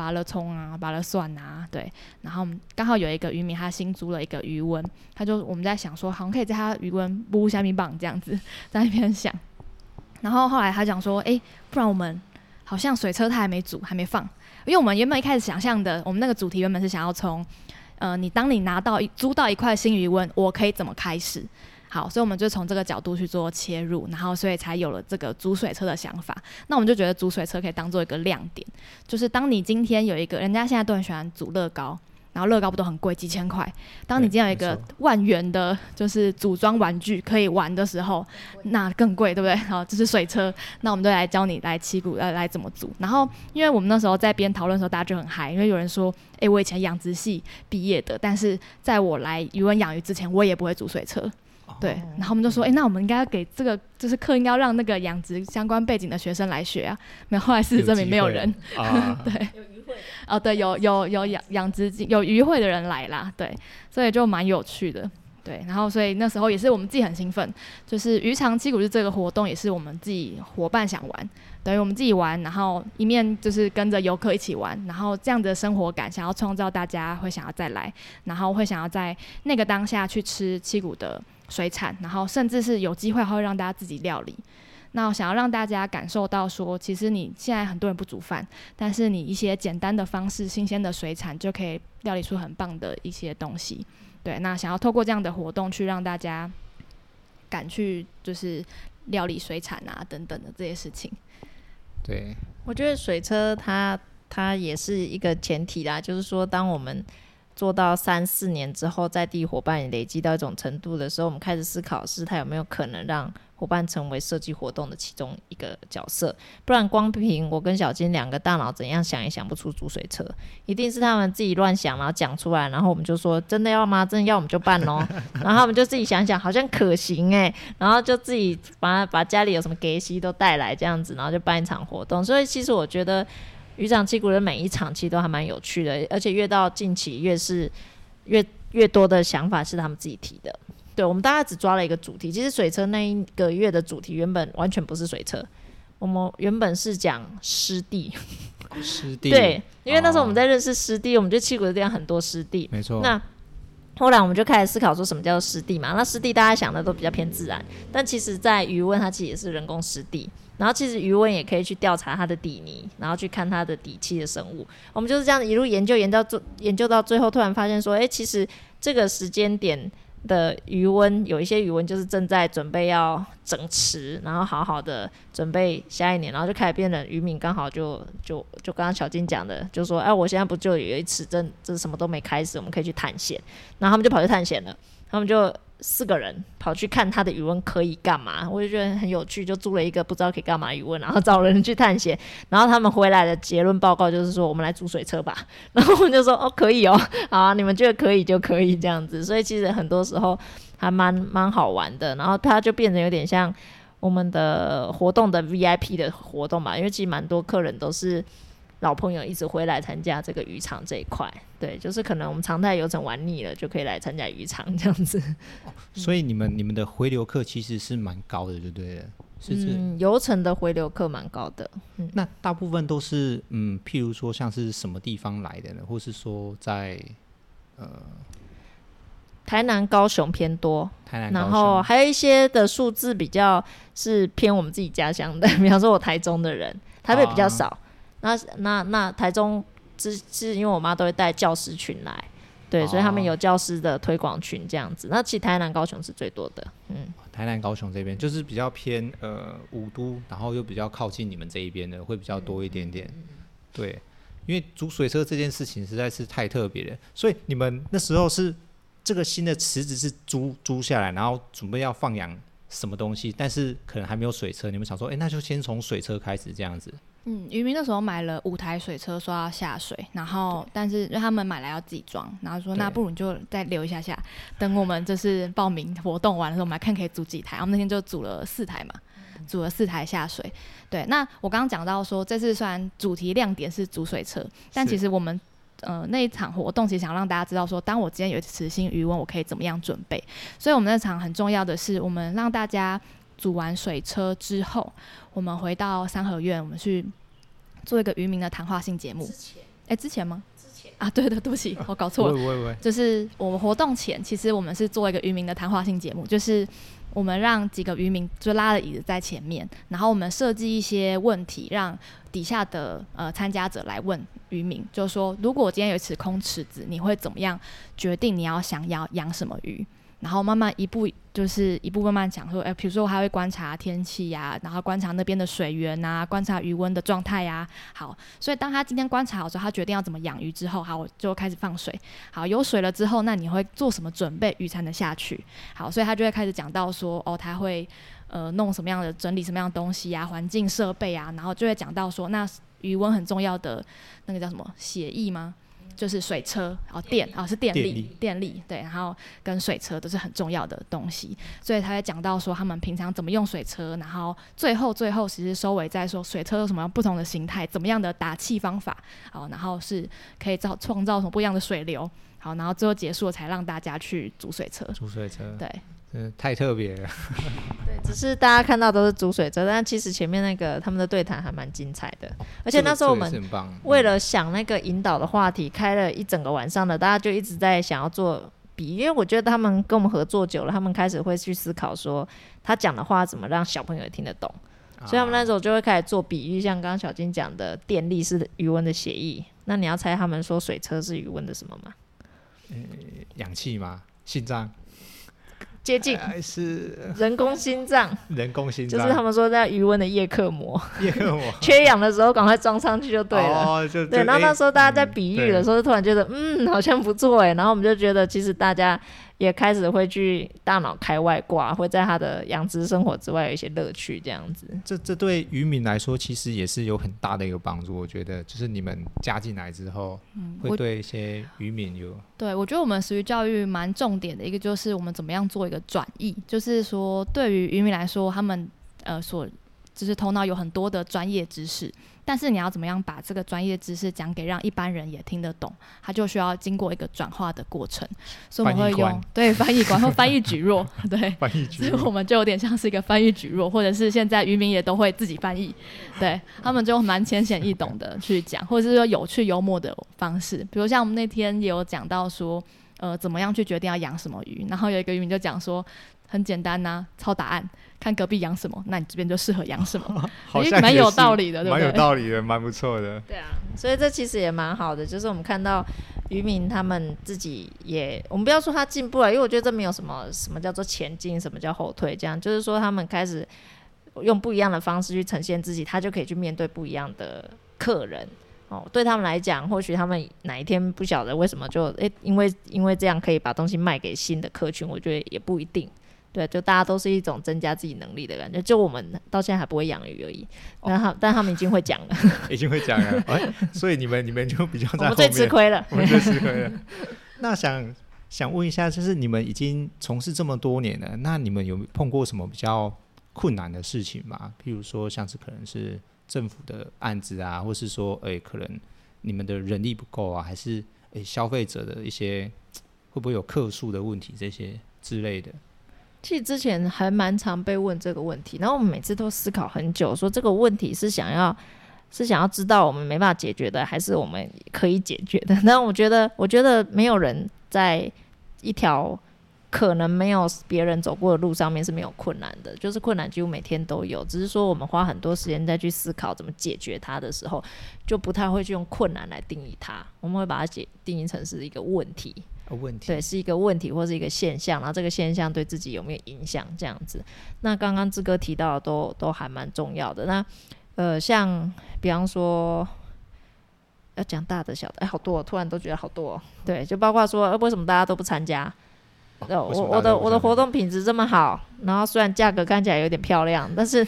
拔了蔥啊，拔了蒜啊，對，然後剛好有一個漁民，他新租了一個漁塭，他就我們在想說，好像可以在他漁塭屋下面綁這樣子，在那邊想，然後後來他講說，哎，不然我們好像水車他還沒租，還沒放，因為我們原本一開始想象的，我們那個主題原本是想要從，呃，你當你拿到一租到一塊新漁塭，我可以怎麼開始？好，所以我們就從這個角度去做切入，然後所以才有了這個組水車的想法。那我們就覺得組水車可以當做一個亮點，就是當你今天有一個，人家現在都很喜歡組樂高，然後樂高不都很貴，幾千塊。當你今天有一個萬元的，就是組裝玩具可以玩的時候，那更貴，對不對？好，這是水車，那我們就來教你來七股，來、呃、來怎麼組。然後，因為我們那時候在邊討論的時候，大家就很嗨，因為有人說，哎、欸，我以前養殖系畢業的，但是在我來魚塭養魚之前，我也不會組水車。對，然後我們就說，哎、嗯、欸，那我們應該要給這個，就是課應該要讓那個養殖相關背景的學生來學啊。那後來事實證明沒有人，有啊， 對，有哦，對，有有有養養殖有魚會的人來啦，對，所以就蠻有趣的，對，然後所以那時候也是我們自己很興奮，就是魚常七股日這個活動，也是我們自己夥伴想玩，等於我們自己玩，然後一面就是跟着遊客一起玩，然後這樣子的生活感想要創造，大家會想要再來，然後會想要在那個當下去吃七股的。水產，然後甚至是有機會還會讓大家自己料理。那我想要讓大家感受到說，其實你現在很多人不煮飯，但是你一些簡單的方式，新鮮的水產就可以料理出很棒的一些東西。對，那想要透過這樣的活動去讓大家敢去，就是料理水產啊等等的這些事情。對，我覺得水車它它也是一個前提啦，就是說當我們。做到三四年之後，在地夥伴也累積到一種程度的時候，我們開始思考，是他有沒有可能讓夥伴成為設計活動的其中一個角色？不然光憑我跟小金兩個大腦，怎樣想也想不出煮水車，一定是他們自己亂想，然後講出來，然後我們就說，真的要嗎？真的要我們就辦咯。 然後我們就自己想想，好像可行哎、欸，然後就自己把把家裡有什麼給西都帶來這樣子，然後就辦一場活動。所以其實我覺得。魚常七股的每一場其實都還蠻有趣的，而且越到近期越是越越多的想法是他們自己提的。對，我們大概只抓了一個主題。其實水車那一個月的主題原本完全不是水車，我們原本是講濕地。濕 地。對，因為那時候我們在認識濕地、哦，我們覺得七股的地方很多濕地。沒錯。那後來我們就開始思考說什麼叫濕地嘛？那濕地大家想的都比較偏自然，但其實在魚塭它其實也是人工濕地。然後其實漁塭，也可以去調查它的底泥，然後去看它的底棲的生物。我們就是這樣一路研究研究，做研究到最後，突然發現說，誒，其實這個時間點的漁塭，有一些漁塭就是正在準備要整池，然後好好的準備下一年，然後就開始變成漁民，剛好就就就剛剛小金講的，就說，誒、啊，我現在不就有一池正這什麼都沒開始，我們可以去探險。然後他們就跑去探險了，他們就。四個人跑去看他的魚塭可以幹嘛，我就覺得很有趣，就租了一個不知道可以幹嘛魚塭，然後找人去探險，然後他們回來的結論報告就是說，我們來租水車吧，然後我們就說，哦，可以哦，好啊，你們覺得可以就可以這樣子，所以其實很多時候還蠻蠻好玩的，然後它就變成有點像我們的活動的 VIP 的活動吧，因為其實蠻多客人都是。老朋友一直回來參加這個漁場這一塊，對，就是可能我們常態遊程玩膩了，就可以來參加漁場這樣子。哦、所以你們、嗯、你們的回流客其實是蠻高的，對不對？是是。嗯、遊程的回流客蠻高的，嗯。那大部分都是嗯，譬如說像是什麼地方來的呢？或是說在呃，台南、高雄偏多。台南高雄偏多。台南。然後還有一些的數字比較是偏我們自己家鄉的，比方說我台中的人，台北比較少。啊那那那台中是，是因為我媽都會帶教師群來，對、哦，所以他們有教師的推廣群這樣子。那其實台南高雄是最多的，嗯，台南高雄這邊就是比較偏呃五都，然後又比較靠近你們這一邊的會比較多一點點。嗯、對，因為租水車這件事情實在是太特別了，所以你們那時候是這個新的池子是租租下來，然後準備要放養什麼東西，但是可能還沒有水車，你們想說，哎、欸，那就先從水車開始這樣子。嗯，漁民那時候買了五台水車說要下水，然後但是他們買來要自己裝，然後說那不如你就再留一下下，等我們這次報名活動完了，我們來看可以組幾台。我們那天就組了四台嘛，嗯、組了四台下水。對，那我剛剛講到說這次雖然主題亮點是組水車，但其實我們呃那一場活動其實想讓大家知道說，當我今天有一池新漁塭，我可以怎麼樣準備。所以我們那場很重要的是，我們讓大家。組完水車之後，我們回到三合院，我們去做一個漁民的談話性節目。之前、欸，之前嗎？之前啊，對對，對不起，啊、我搞錯了、哦喂喂喂。就是我們活動前，其實我們是做一個漁民的談話性節目，就是我們讓幾個漁民就拉了椅子在前面，然後我們設計一些問題，讓底下的呃參加者來問漁民，就是說，如果今天有一次空池子，你會怎麼樣決定你要想要養什麼魚？然後慢慢一步就是一步慢慢講說，誒，比如說我還會觀察天氣呀、啊，然後觀察那邊的水源啊，觀察魚溫的狀態呀、啊。好，所以當他今天觀察好後，他決定要怎麼養魚之後，好，我就開始放水。好，有水了之後，那你會做什麼準備？魚才能下去？好，所以他就會開始講到說，哦，他會呃弄什麼樣的整理什麼樣的東西呀、啊，環境設備啊，然後就會講到說，那魚溫很重要的那個叫什麼血液嗎？就是水車，然後電啊、哦、是電力，電力，電力，對，然後跟水車都是很重要的東西，所以他會講到說他們平常怎麼用水車，然後最後最後其實收尾在說水車有什麼不同的形態，怎麼樣的打氣方法，好，然後是可以造創造什麼不一樣的水流，好，然後最後結束了才讓大家去煮水車，煮水車，對。嗯，太特別了。對，只是大家看到都是煮水車，但其實前面那個他們的對談還蠻精彩的。而且那時候我們為了想那個引導的話題，開了一整個晚上的，大家就一直在想要做比喻，因為我覺得他們跟我們合作久了，他們開始會去思考說他講的話怎麼讓小朋友聽得懂。啊、所以我們那時候就會開始做比喻，像剛剛小金講的電力是魚塭的血液。那你要猜他們說水車是魚塭的什麼嗎？嗯，氧氣嗎？心臟？接近人工心臟？人工心臟就是他們說那魚塭的葉克膜，葉克膜缺氧的時候趕快裝上去就對了。哦、對，然後那時候大家在比喻的時候，突然覺得、欸、嗯，嗯好像不錯哎、欸，然後我們就覺得其實大家。也開始會去大腦開外掛，會在他的養殖生活之外有一些樂趣，這樣子。這這對漁民來說其實也是有很大的一個幫助，我覺得就是你們加進來之後，會對一些漁民有、嗯、我有。對，我覺得我們食魚教育蠻重點的一個，就是我們怎麼樣做一個轉移，就是說對於漁民來說，他們呃所。就是頭腦有很多的專業知識，但是你要怎麼樣把這個專業知識講給讓一般人也聽得懂，他就需要經過一個轉化的過程。所以我們會用翻對翻譯官 或翻譯蒟蒻，對翻譯蒟蒻，所以我們就有點像是一個翻譯蒟蒻，或者是現在漁民也都會自己翻譯，對他們就蠻淺顯易懂的去講，或者是說有趣幽默的方式，比如像我們那天也有講到說，呃，怎麼樣去決定要養什麼魚，然後有一個漁民就講說，很簡單吶、啊，抄答案。看隔壁養什麼，那你這邊就適合養什麼， 好像蠻有道理的，蠻有道理的，蠻不錯的。 對啊，所以這其實也蠻好的，就是我們看到漁民他們自己也，我們不要說他進步了，因為我覺得這沒有什麼什麼叫做前進，什麼叫後退，這樣就是說他們開始用不一樣的方式去呈現自己，他就可以去面對不一樣的客人。哦，對他們來講，或許他們哪一天不曉得為什麼就誒、欸，因為因為這樣可以把東西賣給新的客群，我覺得也不一定。對，就大家都是一種增加自己能力的感覺。就我們到現在還不會養魚而已，那、哦、他 但他們已經會講了， 已經會講了、哦欸。所以你們你們就比較在後面 我們最吃虧了，我們最吃虧了。 那想想問一下，就是你們已經從事這麼多年了，那你們有碰過什麼比較困難的事情嗎？譬如說，像是可能是政府的案子啊，或是說，哎、欸，可能你們的人力不夠啊，還是哎、欸，消費者的一些會不會有客訴的問題這些之類的。其實之前還蠻常被問這個問題，然後我們每次都思考很久，說這個問題是想要是想要知道我們沒辦法解決的，還是我們可以解決的？但我覺得，我覺得沒有人在一條可能沒有別人走過的路上面是沒有困難的，就是困難幾乎每天都有，只是說我們花很多時間在去思考怎麼解決它的時候，就不太會去用困難來定義它，我們會把它解定義成是一個問題。對，是一個問題或是一個現象，然後這個現象對自己有沒有影響？這樣子，那剛剛志哥提到的都都還蠻重要的。那呃，像比方說，要講大的小的，哎、欸，好多喔，突然都覺得好多喔。 對，就包括說，呃，為什麼大家都不參加？哦、我我的我的活動品質這麼好，然後雖然價格看起來有點漂亮，但是，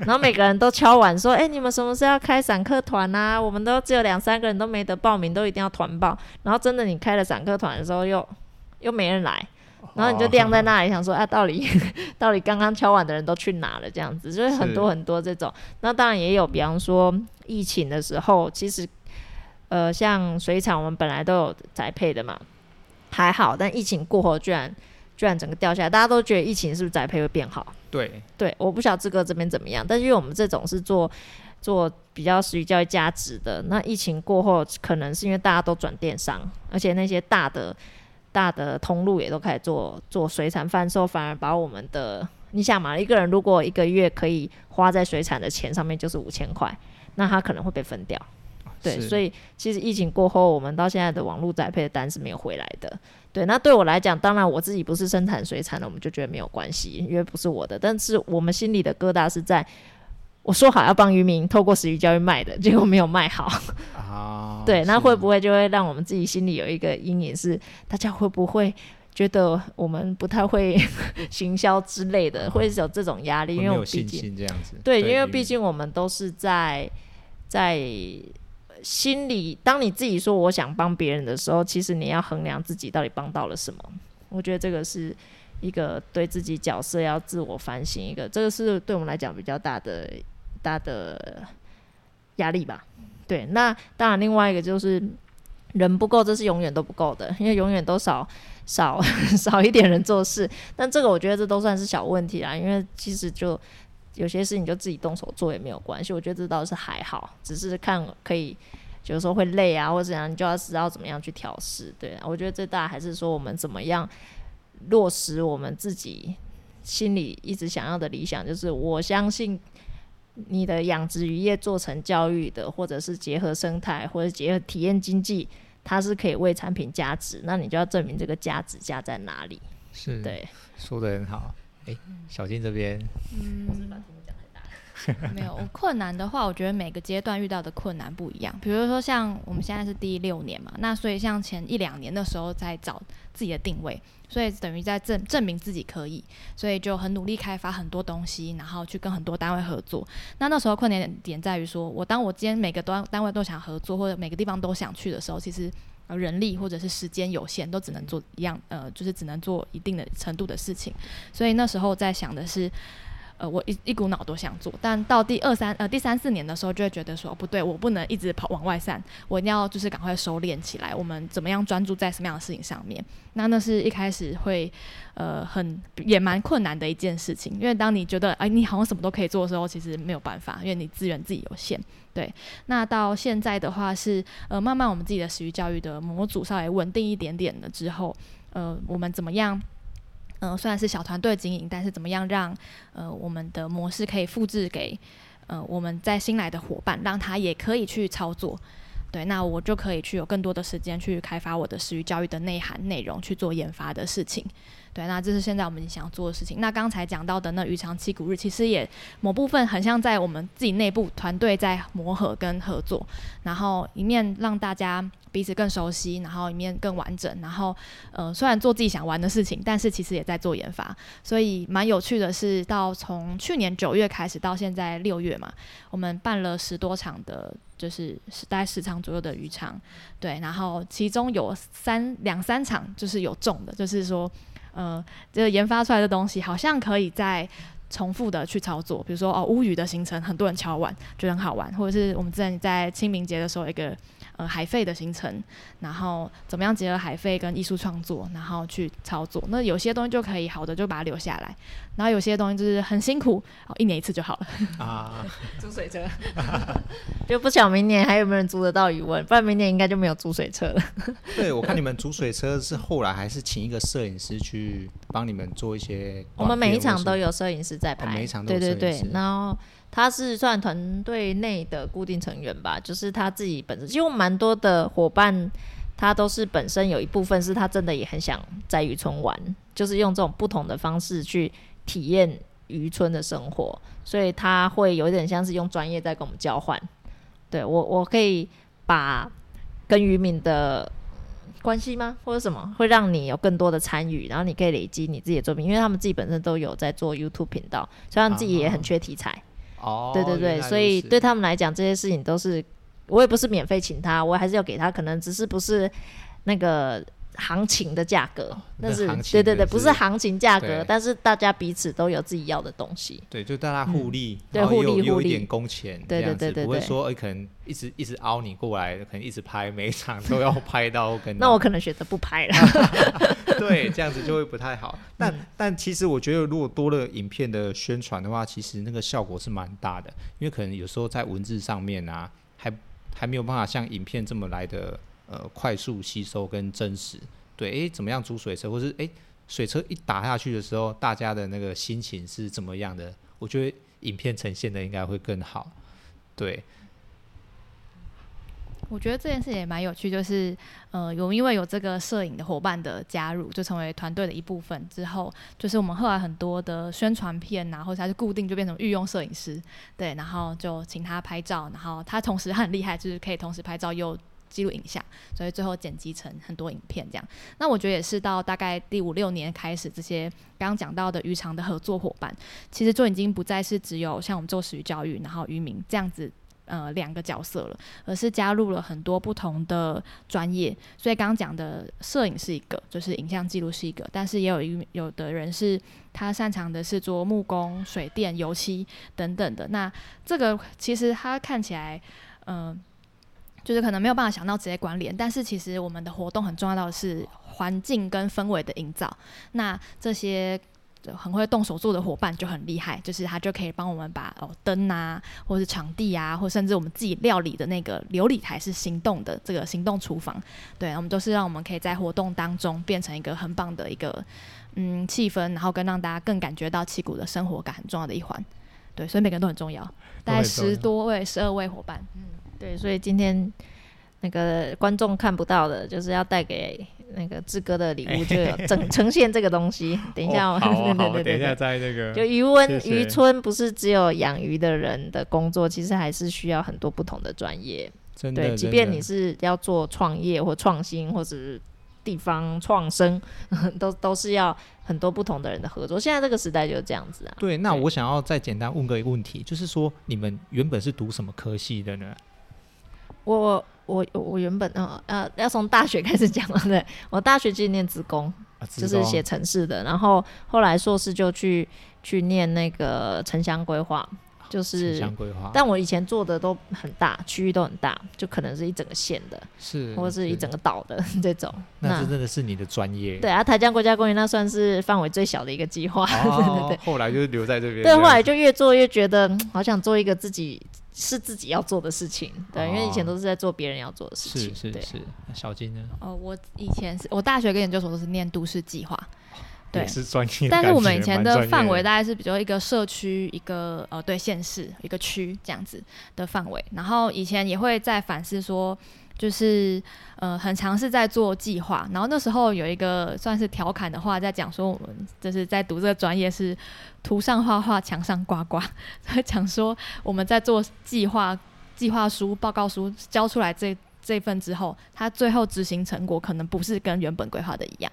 然後每個人都敲碗說：“哎、 欸，你們什麼時候要開散客團吶、啊？我們都只有兩三個人，都沒得報名，都一定要團報。”然後真的，你開了散客團的時候又，又又沒人來，然後你就晾在那裡，想說：“哎、啊啊，到底到底剛剛敲碗的人都去哪了？”這樣子，所以很多很多這種。那當然也有，比方說疫情的時候，其實呃，像水產，我們本來都有宅配的嘛。還好，但疫情過後居然居然整個掉下來，大家都覺得疫情是不是宅配會變好？對對，我不曉得這個這邊怎麼樣，但是因為我們這種是做做比較屬於教育價值的，那疫情過後可能是因為大家都轉電商，而且那些大的大的通路也都開始做做水產販售，反而把我們的，你想嘛，一個人如果一個月可以花在水產的錢上面就是五千塊，那他可能會被分掉。對，所以其實疫情過後，我們到現在的網路宅配的單是沒有回來的。對，那對我來講，當然我自己不是生產水產的，我們就覺得沒有關係，因為不是我的。但是我們心裡的疙瘩是在，我說好要幫漁民透過食魚教育賣的，結果沒有賣好啊。哦、 對，那會不會就會讓我們自己心裡有一個陰影？是大家會不會覺得我們不太會 行銷之類的，哦、會是有這種壓力？因為我畢竟對，對，因為畢竟我們都是在在。心裡，當你自己說我想幫別人的時候，其實你要衡量自己到底幫到了什麼。我覺得這個是一個對自己角色要自我反省一個，這個是對我們來講比較大的大的壓力吧。對，那當然另外一個就是人不夠，這是永遠都不夠的，因為永遠都少少少一點人做事。但這個我覺得這都算是小問題啦，因為其實就。有些事情就自己動手做也沒有關係，我覺得這倒是還好，只是看可以，有時候會累啊，或者怎樣，你就要知道怎麼樣去調試，對。我覺得最大還是說我們怎麼樣落實我們自己心裡一直想要的理想，就是我相信你的養殖漁業做成教育的，或者是結合生態，或者結合體驗經濟，它是可以為產品加值，那你就要證明這個價值加在哪裡。是對，說得很好。誒、欸，小金這邊、嗯，嗯，講大，沒有困難的話，我覺得每個階段遇到的困難不一樣。比如說像我們現在是第六年嘛，那所以像前一兩年的時候在找自己的定位，所以等於在證證明自己可以，所以就很努力開發很多東西，然後去跟很多單位合作。那那時候困難點在於說，我當我今天每個單單位都想合作，或者每個地方都想去的時候，其實。呃，人力或者是時間有限，都只能做一樣，呃，就是只能做一定的程度的事情，所以那時候在想的是，呃，我一一股腦都想做，但到第二三呃第三四年的時候，就會覺得說不對，我不能一直跑往外散，我一定要就是趕快收斂起來。我們怎麼樣專注在什麼樣的事情上面？那那是一開始會呃很也蠻困難的一件事情，因為當你覺得誒、呃，你好像什麼都可以做的時候，其實沒有辦法，因為你資源自己有限。對，那到現在的話是呃慢慢我們自己的食魚教育的模組稍微穩定一點點了之後，呃我們怎麼樣？嗯、呃，雖然是小團隊經營，但是怎麼樣讓呃我們的模式可以複製給呃我們在新來的夥伴，讓他也可以去操作，對，那我就可以去有更多的時間去開發我的食魚教育的內涵內容，去做研發的事情。對，那這是現在我們想做的事情。那剛才講到的那魚常七股日，其實也某部分很像在我們自己內部團隊在磨合跟合作，然後一面讓大家彼此更熟悉，然後一面更完整。然後，呃，雖然做自己想玩的事情，但是其實也在做研發。所以蠻有趣的是，到從去年九月開始到現在六月嘛，我們辦了十多場的，就是大概十場左右的魚常。對，然後其中有三兩三場就是有中的，就是說。呃，這個研發出來的東西好像可以再重複的去操作，比如說哦，烏魚的行程，很多人敲完覺得很好玩，或者是我們之前在清明節的時候一個。呃，海廢的行程，然後怎麼樣結合海廢跟藝術創作，然後去操作。那有些東西就可以好的就把它留下來，然後有些東西就是很辛苦，然、哦、一年一次就好了。啊，啊，啊啊、 租水車 ， 就不曉得明年還有沒有人租得到漁塭，不然明年應該就沒有租水車了。 對，我看你們租水車是後來還是請一個攝影師去幫你們做一些？我們每一場都有攝影師在拍，哦、每一場都有攝影師對，對對對，然後。他是算團隊內的固定成員吧，就是他自己本身，其實蠻多的夥伴，他都是本身有一部分是他真的也很想在漁村玩，就是用這種不同的方式去體驗漁村的生活，所以他會有點像是用專業在跟我們交換。對我，我可以把跟漁民的關係嗎，或者什麼，會讓你有更多的參與，然後你可以累積你自己的作品，因為他們自己本身都有在做 YouTube 頻道，所以他們自己也很缺題材。啊啊嗯哦、oh，對對對，就是，所以對他們來講，這些事情都是，我也不是免費請他，我還是要給他，可能只是不是那個。行情的價格，那是、哦、那行情對對對，不是行情價格，但是大家彼此都有自己要的東西，對，就大家互利，嗯、然後有對，互利，互利有，有一點工錢，對對對，對，對，對，對，不會說、呃、可能一直一直凹你過來，可能一直拍每一場都要拍到跟你 那我可能選擇不拍了， 對，這樣子就會不太好。 但但其實我覺得，如果多了影片的宣傳的話，其實那個效果是蠻大的，因為可能有時候在文字上面啊，還還沒有辦法像影片這麼來的。呃，快速吸收跟真實，對，哎、欸，怎麼樣煮水車，或是哎、欸，水車一打下去的時候，大家的那個心情是怎麼樣的？我覺得影片呈現的應該會更好。對，我覺得這件事也蠻有趣，就是呃，有因為有這個攝影的夥伴的加入，就成為團隊的一部分之後，就是我們後來很多的宣傳片、啊，然後他是固定就變成御用攝影師，對，然後就請他拍照，然後他同時他很厲害，就是可以同時拍照又。記錄影像，所以最後剪輯成很多影片這樣。那我覺得也是到大概第五六年開始，這些剛剛講到的漁場的合作夥伴，其實就已經不再是只有像我們做食魚教育，然後漁民這樣子呃，兩個角色了，而是加入了很多不同的專業。所以剛剛講的攝影是一個，就是影像記錄是一個，但是也有一，有的人是他擅長的是做木工、水電、油漆等等的。那這個其實他看起來嗯。呃就是可能沒有辦法想到直接關聯，但是其實我們的活動很重要的是環境跟氛圍的營造。那這些很會動手做的夥伴就很厲害，就是他就可以幫我們把哦燈啊，或是場地啊，或甚至我們自己料理的那個流理台是行動的這個行動廚房。對，我們都是讓我們可以在活動當中變成一個很棒的一個嗯氣氛，然後跟讓大家更感覺到七股的生活感很重要的一環。對，所以每個人都很重要，大概十多位、十多位十二位伙伴。嗯對，所以今天那個觀眾看不到的，就是要帶給那個志哥的禮物，就有呈呈現這個東西。等一下，等一下，等一下在這個就漁塭漁村不是只有養魚的人的工作，其實還是需要很多不同的專業。真的，對真的，即便你是要做創業或創新或者地方創生，呵呵都都是要很多不同的人的合作。現在這個時代就是這樣子啊對。對，那我想要再簡單問一個問題，就是說你們原本是讀什麼科系的呢？我我我我原本啊啊要從大學開始講了，對，我大學去念資工，啊，就是寫程式的，然後後來碩士就去去念那個城鄉規劃，就是，啊、但我以前做的都很大，區域都很大，就可能是一整個縣的，是，或者是一整個島的、嗯、這種那。那真的是你的專業。對啊，台江國家公園那算是範圍最小的一個計劃。哦、 對對對。後來就是留在這邊。對，後來就越做越覺得好想做一個自己，是自己要做的事情，對，因為以前都是在做別人要做的事情、哦對，是是是，小金呢？哦、呃，我以前是我大學跟研究所都是念都市計劃，對，是專業，但是我們以前的範圍大概是比較一個社區，一個呃對縣市一個區這樣子的範圍，然後以前也會在反思說。就是，呃，很常是在做計劃。然後那時候有一個算是調侃的話，在講說我們就是在讀這個專業是，圖上畫畫，牆上掛掛。講說我們在做計劃、計劃書、報告書交出來這。這一份之後，他最後執行成果可能不是跟原本規劃的一樣，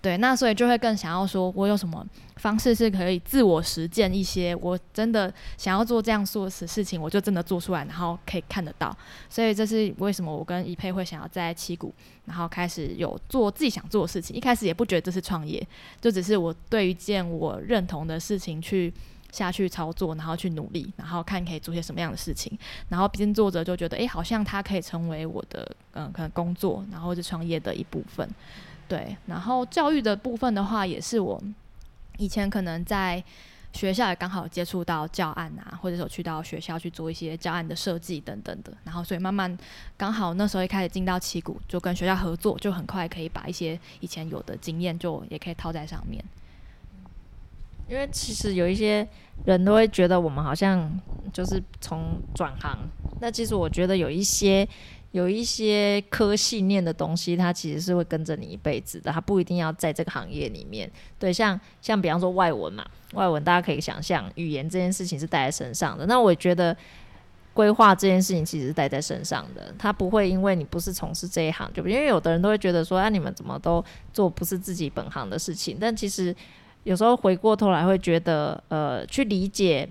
對，那所以就會更想要說，我有什麼方式是可以自我實踐一些，我真的想要做這樣做事情，我就真的做出來，然後可以看得到。所以這是為什麼我跟怡佩會想要在七股，然後開始有做自己想做的事情。一開始也不覺得這是創業，就只是我對一件我認同的事情去。下去操作，然後去努力，然後看可以做些什麼樣的事情，然後邊做著就覺得，哎、欸，好像它可以成為我的，嗯，可能工作，然後或者創業的一部分。對，然後教育的部分的話，也是我以前可能在學校，也剛好接觸到教案啊，或者說去到學校去做一些教案的設計等等的，然後所以慢慢剛好那時候一開始進到七股，就跟學校合作，就很快可以把一些以前有的經驗就也可以套在上面。因為其實有一些人都會覺得我們好像就是從轉行，那其實我覺得有一些有一些科系念的東西，它其實是會跟着你一輩子的，它不一定要在這個行業裡面。對，像像比方說外文嘛，外文大家可以想象語言這件事情是帶在身上的。那我覺得規劃這件事情其實是帶在身上的，它不會因為你不是從事這一行，就因為有的人都會覺得說啊，你們怎麼都做不是自己本行的事情，但其實。有時候回過頭來會覺得，呃，去理解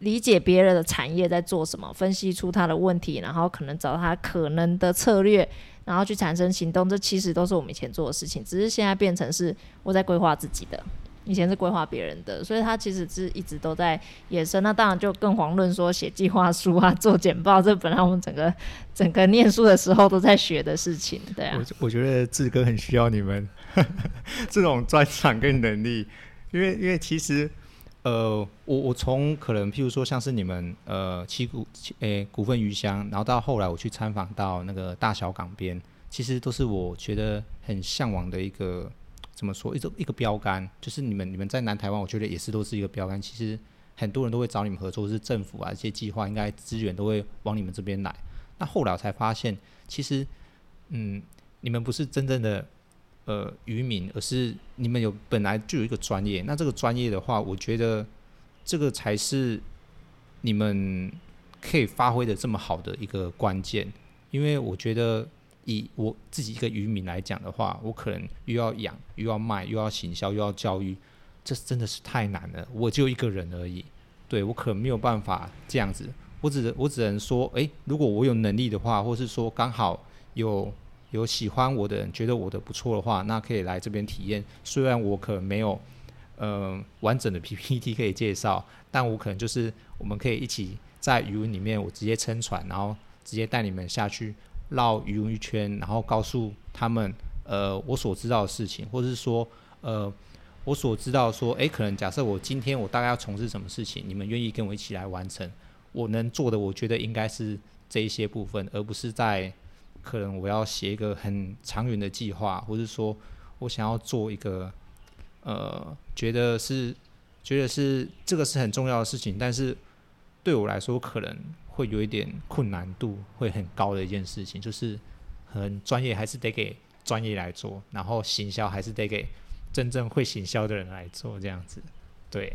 理解別人的產業在做什麼，分析出他的問題，然後可能找到他可能的策略，然後去產生行動。這其實都是我們以前做的事情，只是現在變成是我在規劃自己的，以前是規劃別人的。所以，他其實是一直都在衍生。那當然就更遑論說寫計劃書啊、做簡報，這本來我們整個整個念書的時候都在學的事情，對啊。我我覺得志哥很需要你們 這種專長跟能力。因為因為其實，呃，我我從可能譬如說像是你們呃七股誒、欸、股份魚鄉，然後到後來我去參訪到那個大小港邊，其實都是我覺得很向往的一個怎麼說一種一個標杆，就是你們你們在南台灣，我覺得也是都是一個標杆。其實很多人都會找你們合作，就是政府啊一些計劃應該資源都會往你們這邊來。那後來我才發現，其實嗯，你們不是真正的。呃，漁民，而是你們有本來就有一個專業，那這個專業的話，我覺得這個才是你們可以發揮的這麼好的一個關鍵。因為我覺得以我自己一個漁民來講的話，我可能又要養，又要賣，又要行銷，又要教育，這真的是太難了。我就一個人而已，對，我可能沒有辦法這樣子，我只能我只能說，哎，如果我有能力的話，或是說剛好有。有喜歡我的人，覺得我的不錯的話，那可以來這邊體驗。雖然我可能沒有，呃，完整的 PPT 可以介紹，但我可能就是，我們可以一起在漁塭裡面，我直接撐船，然後直接帶你們下去繞漁塭一圈，然後告訴他們，呃，我所知道的事情，或者是說，呃，我所知道說，哎，可能假設我今天我大概要從事什麼事情，你們願意跟我一起來完成，我能做的，我覺得應該是這一些部分，而不是在。可能我要寫一個很長遠的計劃，或是說我想要做一個，呃，覺得是覺得是這個是很重要的事情，但是對我來說可能會有一點困難度會很高的一件事情，就是很專業還是得給專業來做，然後行銷還是得給真正會行銷的人來做，這樣子。對，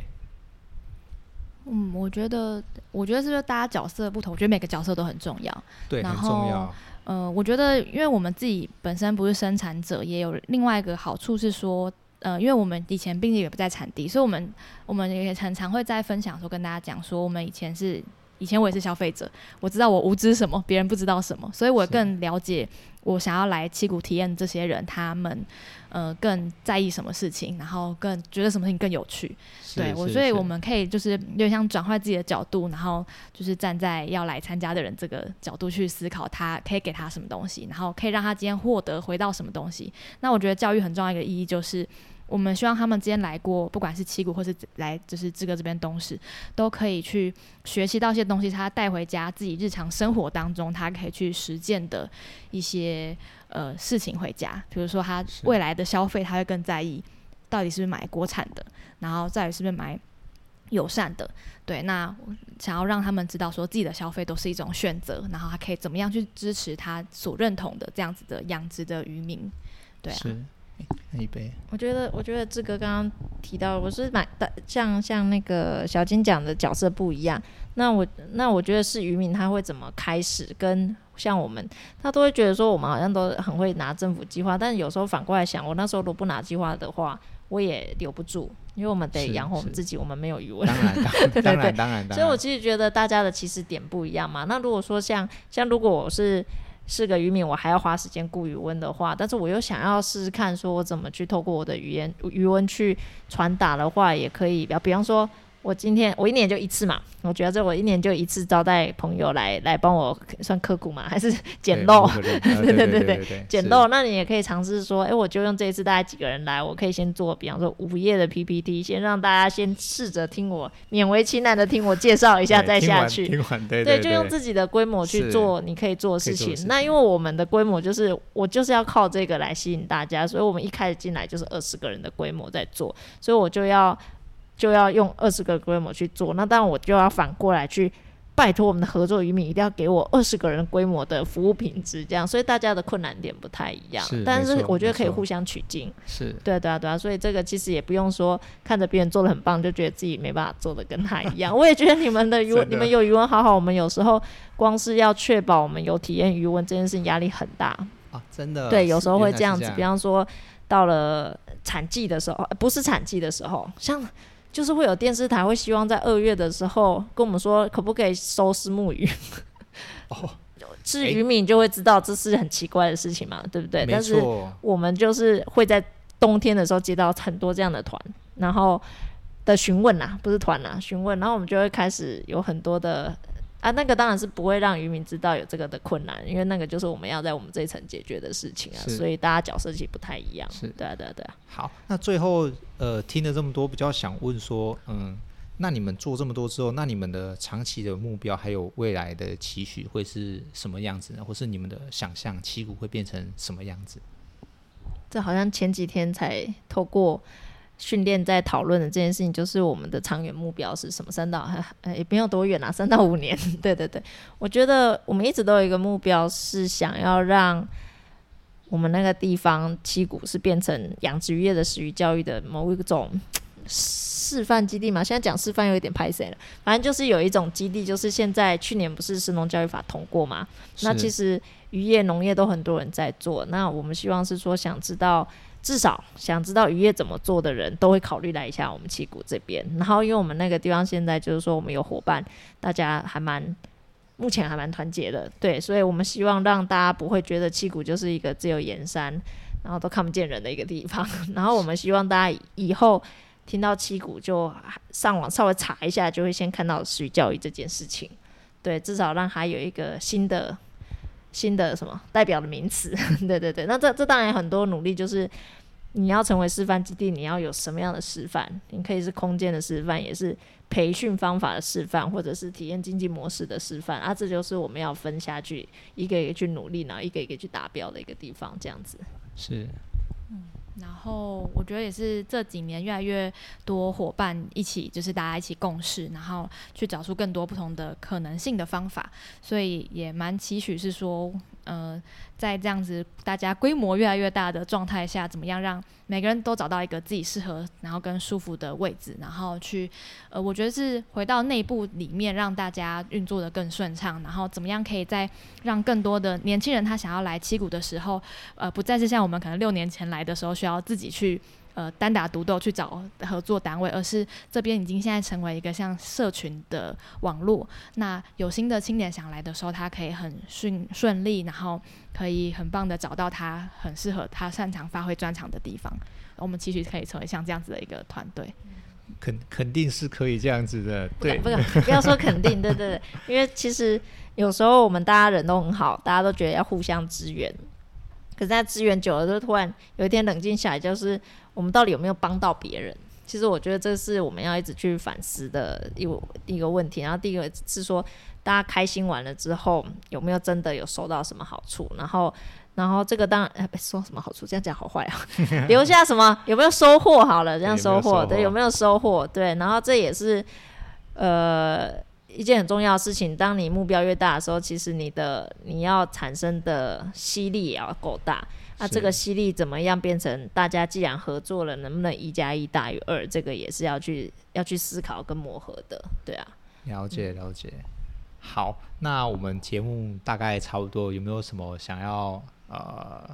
嗯，我覺得我覺得是不是大家角色不同，我覺得每個角色都很重要，對，然後很重要。嗯、呃，我覺得，因為我們自己本身不是生產者，也有另外一個好處是說，呃，因為我們以前畢竟也不在產地，所以我們我們也很常會在分享的時候跟大家講說，我們以前是以前我也是消費者，我知道我無知什麼，別人不知道什麼，所以我更了解我想要來七股體驗這些人他們。呃，更在意什麼事情，然後更覺得什麼事情更有趣，對我，所以我們可以就是有點像轉換自己的角度，然後就是站在要來參加的人這個角度去思考，他可以給他什麼東西，然後可以讓他今天獲得回到什麼東西。那我覺得教育很重要的一個意義就是。我們希望他們之前來過，不管是七股或是來就是志哥這邊東西，都可以去學習到一些東西。他帶回家，自己日常生活當中，他可以去實踐的一些呃事情回家。比如說，他未來的消費，他會更在意到底是不是買國產的，然後再是不是買來友善的。對，那想要讓他們知道，說自己的消費都是一種選擇，然後他可以怎麼樣去支持他所認同的這樣子的養殖的漁民，對啊。那一杯，我覺得，我覺得志哥剛剛提到，我是蠻像像那個小金講的角色不一樣。那我那我覺得是漁民，他會怎麼開始跟像我們，他都會覺得說我們好像都很會拿政府計劃，但有時候反過來想，我那時候如果不拿計劃的話，我也留不住，因為我們得養活我們自己，我們沒有餘溫。 當然，當然，當然。所以我其實覺得大家的起始點不一樣嘛。那如果說像像如果我是。是個漁民，我還要花時間顧漁塭的話，但是我又想要試試看，說我怎麼去透過我的語言、漁塭去傳達的話，也可以，比方說。我今天我一年就一次嘛，我覺得這我一年就一次招待朋友來來幫我算客戶嘛，還是撿漏，啊？ 對對對對，撿漏。那你也可以嘗試說，哎、欸，我就用這一次帶幾個人來，我可以先做，比方說五頁的 PPT，先讓大家先試着聽我，勉為其難的聽我介紹一下 再下去。聽完，對對、對、對，就用自己的規模去做，你可以做的事情，可以做的事情。那因為我們的規模就是我就是要靠這個來吸引大家，所以我們一開始進來就是二十個人的規模在做，所以我就要。就要用二十個規模去做，那當然我就要反過來去拜托我們的合作漁民，一定要給我二十個人規模的服務品質，這樣。所以大家的困難點不太一樣，是，但是我覺得可以互相取經，是對啊對啊對啊。所以這個其實也不用說看着別人做得很棒，就覺得自己沒辦法做得跟他一樣。 我也覺得你們的魚 你們有魚塭好好。我們有時候光是要確保我們有體驗魚塭這件事情，壓力很大啊，真的。對，有時候會這樣子，樣比方說到了產季的時候，呃，不是產季的時候，像。就是會有電視台會希望在二月的時候跟我們說，可不可以收虱目魚？哦，是漁民就會知道這是很奇怪的事情嘛，對不對？但是我們就是會在冬天的時候接到很多這樣的團，然後的詢問吶、啊，不是團啊，詢問，然後我們就會開始有很多的。啊，那個當然是不會讓漁民知道有這個的困難，因為那個就是我們要在我們這一層解決的事情啊，所以大家角色其實不太一樣。是，對啊，對啊，對啊。好，那最後呃，聽了這麼多，比較想問說，嗯，那你們做這麼多之後，那你們的長期的目標還有未來的期許會是什麼樣子呢？或是你們的想象七股會變成什麼樣子？這好像前幾天才透過。訓練在討論的這件事情，就是我們的長遠目標是什麼？三到，呃，也沒有多遠啊，三到五年。對對對，我覺得我們一直都有一個目標，是想要讓我們那個地方七股是變成養殖漁業的食魚教育的某一個種示範基地嘛？現在講示範又有點拍謝了，反正就是有一種基地，就是現在去年不是食農教育法通過嘛？那其實漁業、農業都很多人在做，那我們希望是說，想知道。至少想知道漁業怎麼做的人，都會考慮來一下我們七股這邊。然後，因為我們那個地方現在就是說，我們有夥伴，大家還蠻，目前還蠻團結的，對，所以我們希望讓大家不會覺得七股就是一個只有鹽山，然後都看不見人的一個地方。 然後，我們希望大家以後聽到七股就上網稍微查一下，就會先看到食魚教育這件事情，對，至少讓他有一個新的。新的什麼代表的名詞？呵呵對對對，那這這當然很多努力，就是你要成為示範基地，你要有什麼樣的示範？你可以是空間的示範，也是培訓方法的示範，或者是體驗經濟模式的示範。啊，這就是我們要分下去，一個一個去努力，然後一個一個去達標的一個地方，這樣子。是。然後我覺得也是這幾年越來越多夥伴一起，就是大家一起共事，然後去找出更多不同的可能性的方法，所以也蠻期許是說。呃，在這樣子大家規模越來越大的狀態下，怎麼樣讓每個人都找到一個自己適合然後跟舒服的位置，然後去呃，我覺得是回到內部裡面讓大家運作得更順暢，然後怎麼樣可以再讓更多的年輕人他想要來七股的時候，呃，不再是像我們可能六年前來的時候需要自己去。呃，單打獨鬥去找合作單位，而是這邊已經現在成為一個像社群的網絡。那有新的青年想來的時候，他可以很順順利，然後可以很棒的找到他很適合他擅長發揮專長的地方。我們其實可以成為像這樣子的一個團隊，肯肯定是可以這樣子的，對，不，不，不要說肯定， 對，對對，因為其實有時候我們大家人都很好，大家都覺得要互相支援。可是他支援久了，就突然有一天冷靜下來，就是我們到底有沒有幫到別人？其實我覺得這是我們要一直去反思的，一一個問題。然後第一個是說，大家開心完了之後，有沒有真的有收到什麼好處？然後，然後這個當然、欸、說什麼好處？這樣講好壞啊？留 下什麼？有沒有收穫？好了，這樣收穫對？有沒有收穫？對？然後這也是呃。一件很重要的事情，當你目標越大的時候，其實你的你要產生的吸力也要夠大。那、啊、這個吸力怎麼樣變成大家既然合作了，能不能一加一大於二？這個也是要去要去思考跟磨合的，對啊。了解了解，嗯。好，那我們節目大概差不多，有沒有什麼想要呃？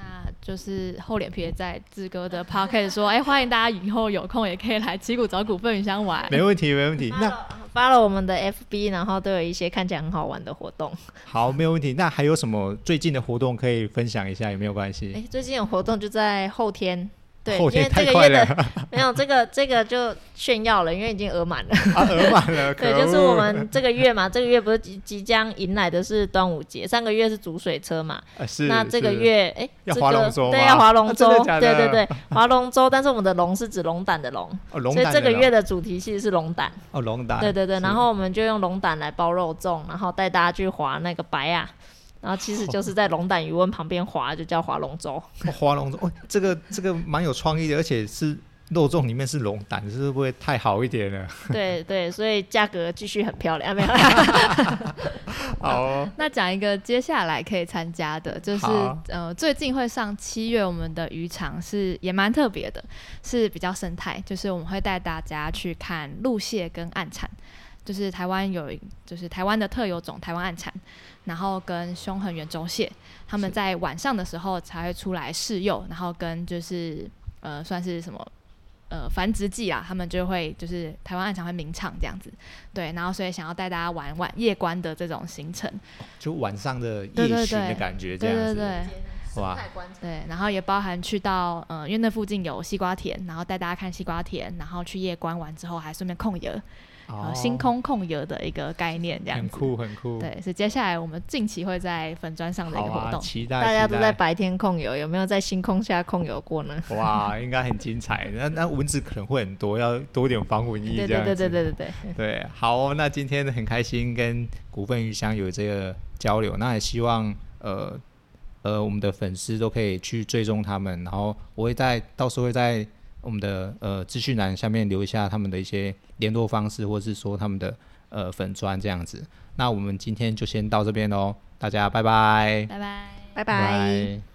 那、啊、就是厚臉皮也在志哥的 podcast 說，哎，歡迎大家以後有空也可以來七股找股份魚鄉玩，沒問題，沒問題。 那發了我們的 FB，然後都有一些看起來很好玩的活動。好，沒有問題。那還有什麼最近的活動可以分享一下？也沒有關係？哎，最近有活動就在後天。對，因為這個月的 沒有這個這個就炫耀了，因為已經額滿了。啊、額滿了。 對可，就是我們這個月嘛，這個月不是即將迎來的是端午節，上 個月是煮水車嘛、呃。是。那這個月，誒，這個划龍對，要划龍舟、啊。對對對，划龍舟。但是我們的龍是指龍膽的龍。哦，龍膽龍。所以這個月的主題其實是龍膽。哦，龍膽。對對對，然後我們就用龍膽來包肉粽，然後帶大家去划那個白啊。然後其實就是在龍膽魚塭旁邊劃，哦，就叫划龍舟。划、哦、龍 舟，哦，這個這個蠻有創意的，而且是肉粽裡面是龍膽，是不是會太好一點呢？ 對對，所以價格繼續很漂亮，沒 有、 哦。好、嗯。那講一個接下來可以參加的，就是呃，最近會上七月我們的魚常是也蠻特別的，是比較生態，就是我們會帶大家去看陸蟹跟暗產。就是台灣有，就是台灣的特有種台灣暗蟬，然後跟凶狠圓軸蟹，他們在晚上的時候才會出來試用，然後跟就是呃算是什麼呃繁殖季啊，他們就會就是台灣暗蟬會鳴唱這樣子，對，然後所以想要帶大家玩玩夜觀的這種行程，哦，就晚上的夜巡的感覺，對對對對對對，這樣子對對對，哇，對，然後也包含去到呃，因為那附近有西瓜田，然後帶大家看西瓜田，然後去夜觀完之後還順便控油。啊、哦，星空控油的一個概念，這樣很酷，很酷。對，所以接下來我們近期會在粉專上的一個活動，啊、期待，期待大家都在白天控油，有沒有在星空下控油過呢？哇，應該很精彩。 那那蚊子可能會很多，要多點防蚊液。對，對對對對對對對。對，好、哦，那今天很開心跟股份魚鄉有這個交流。那也希望呃呃我們的粉絲都可以去追蹤他們，然後我會在到時候會在。我們的呃資訊欄下面留一下他們的一些聯絡方式，或者是說他們的呃粉專這樣子。那我們今天就先到這邊嘍，大家拜拜，拜拜，拜拜。拜拜。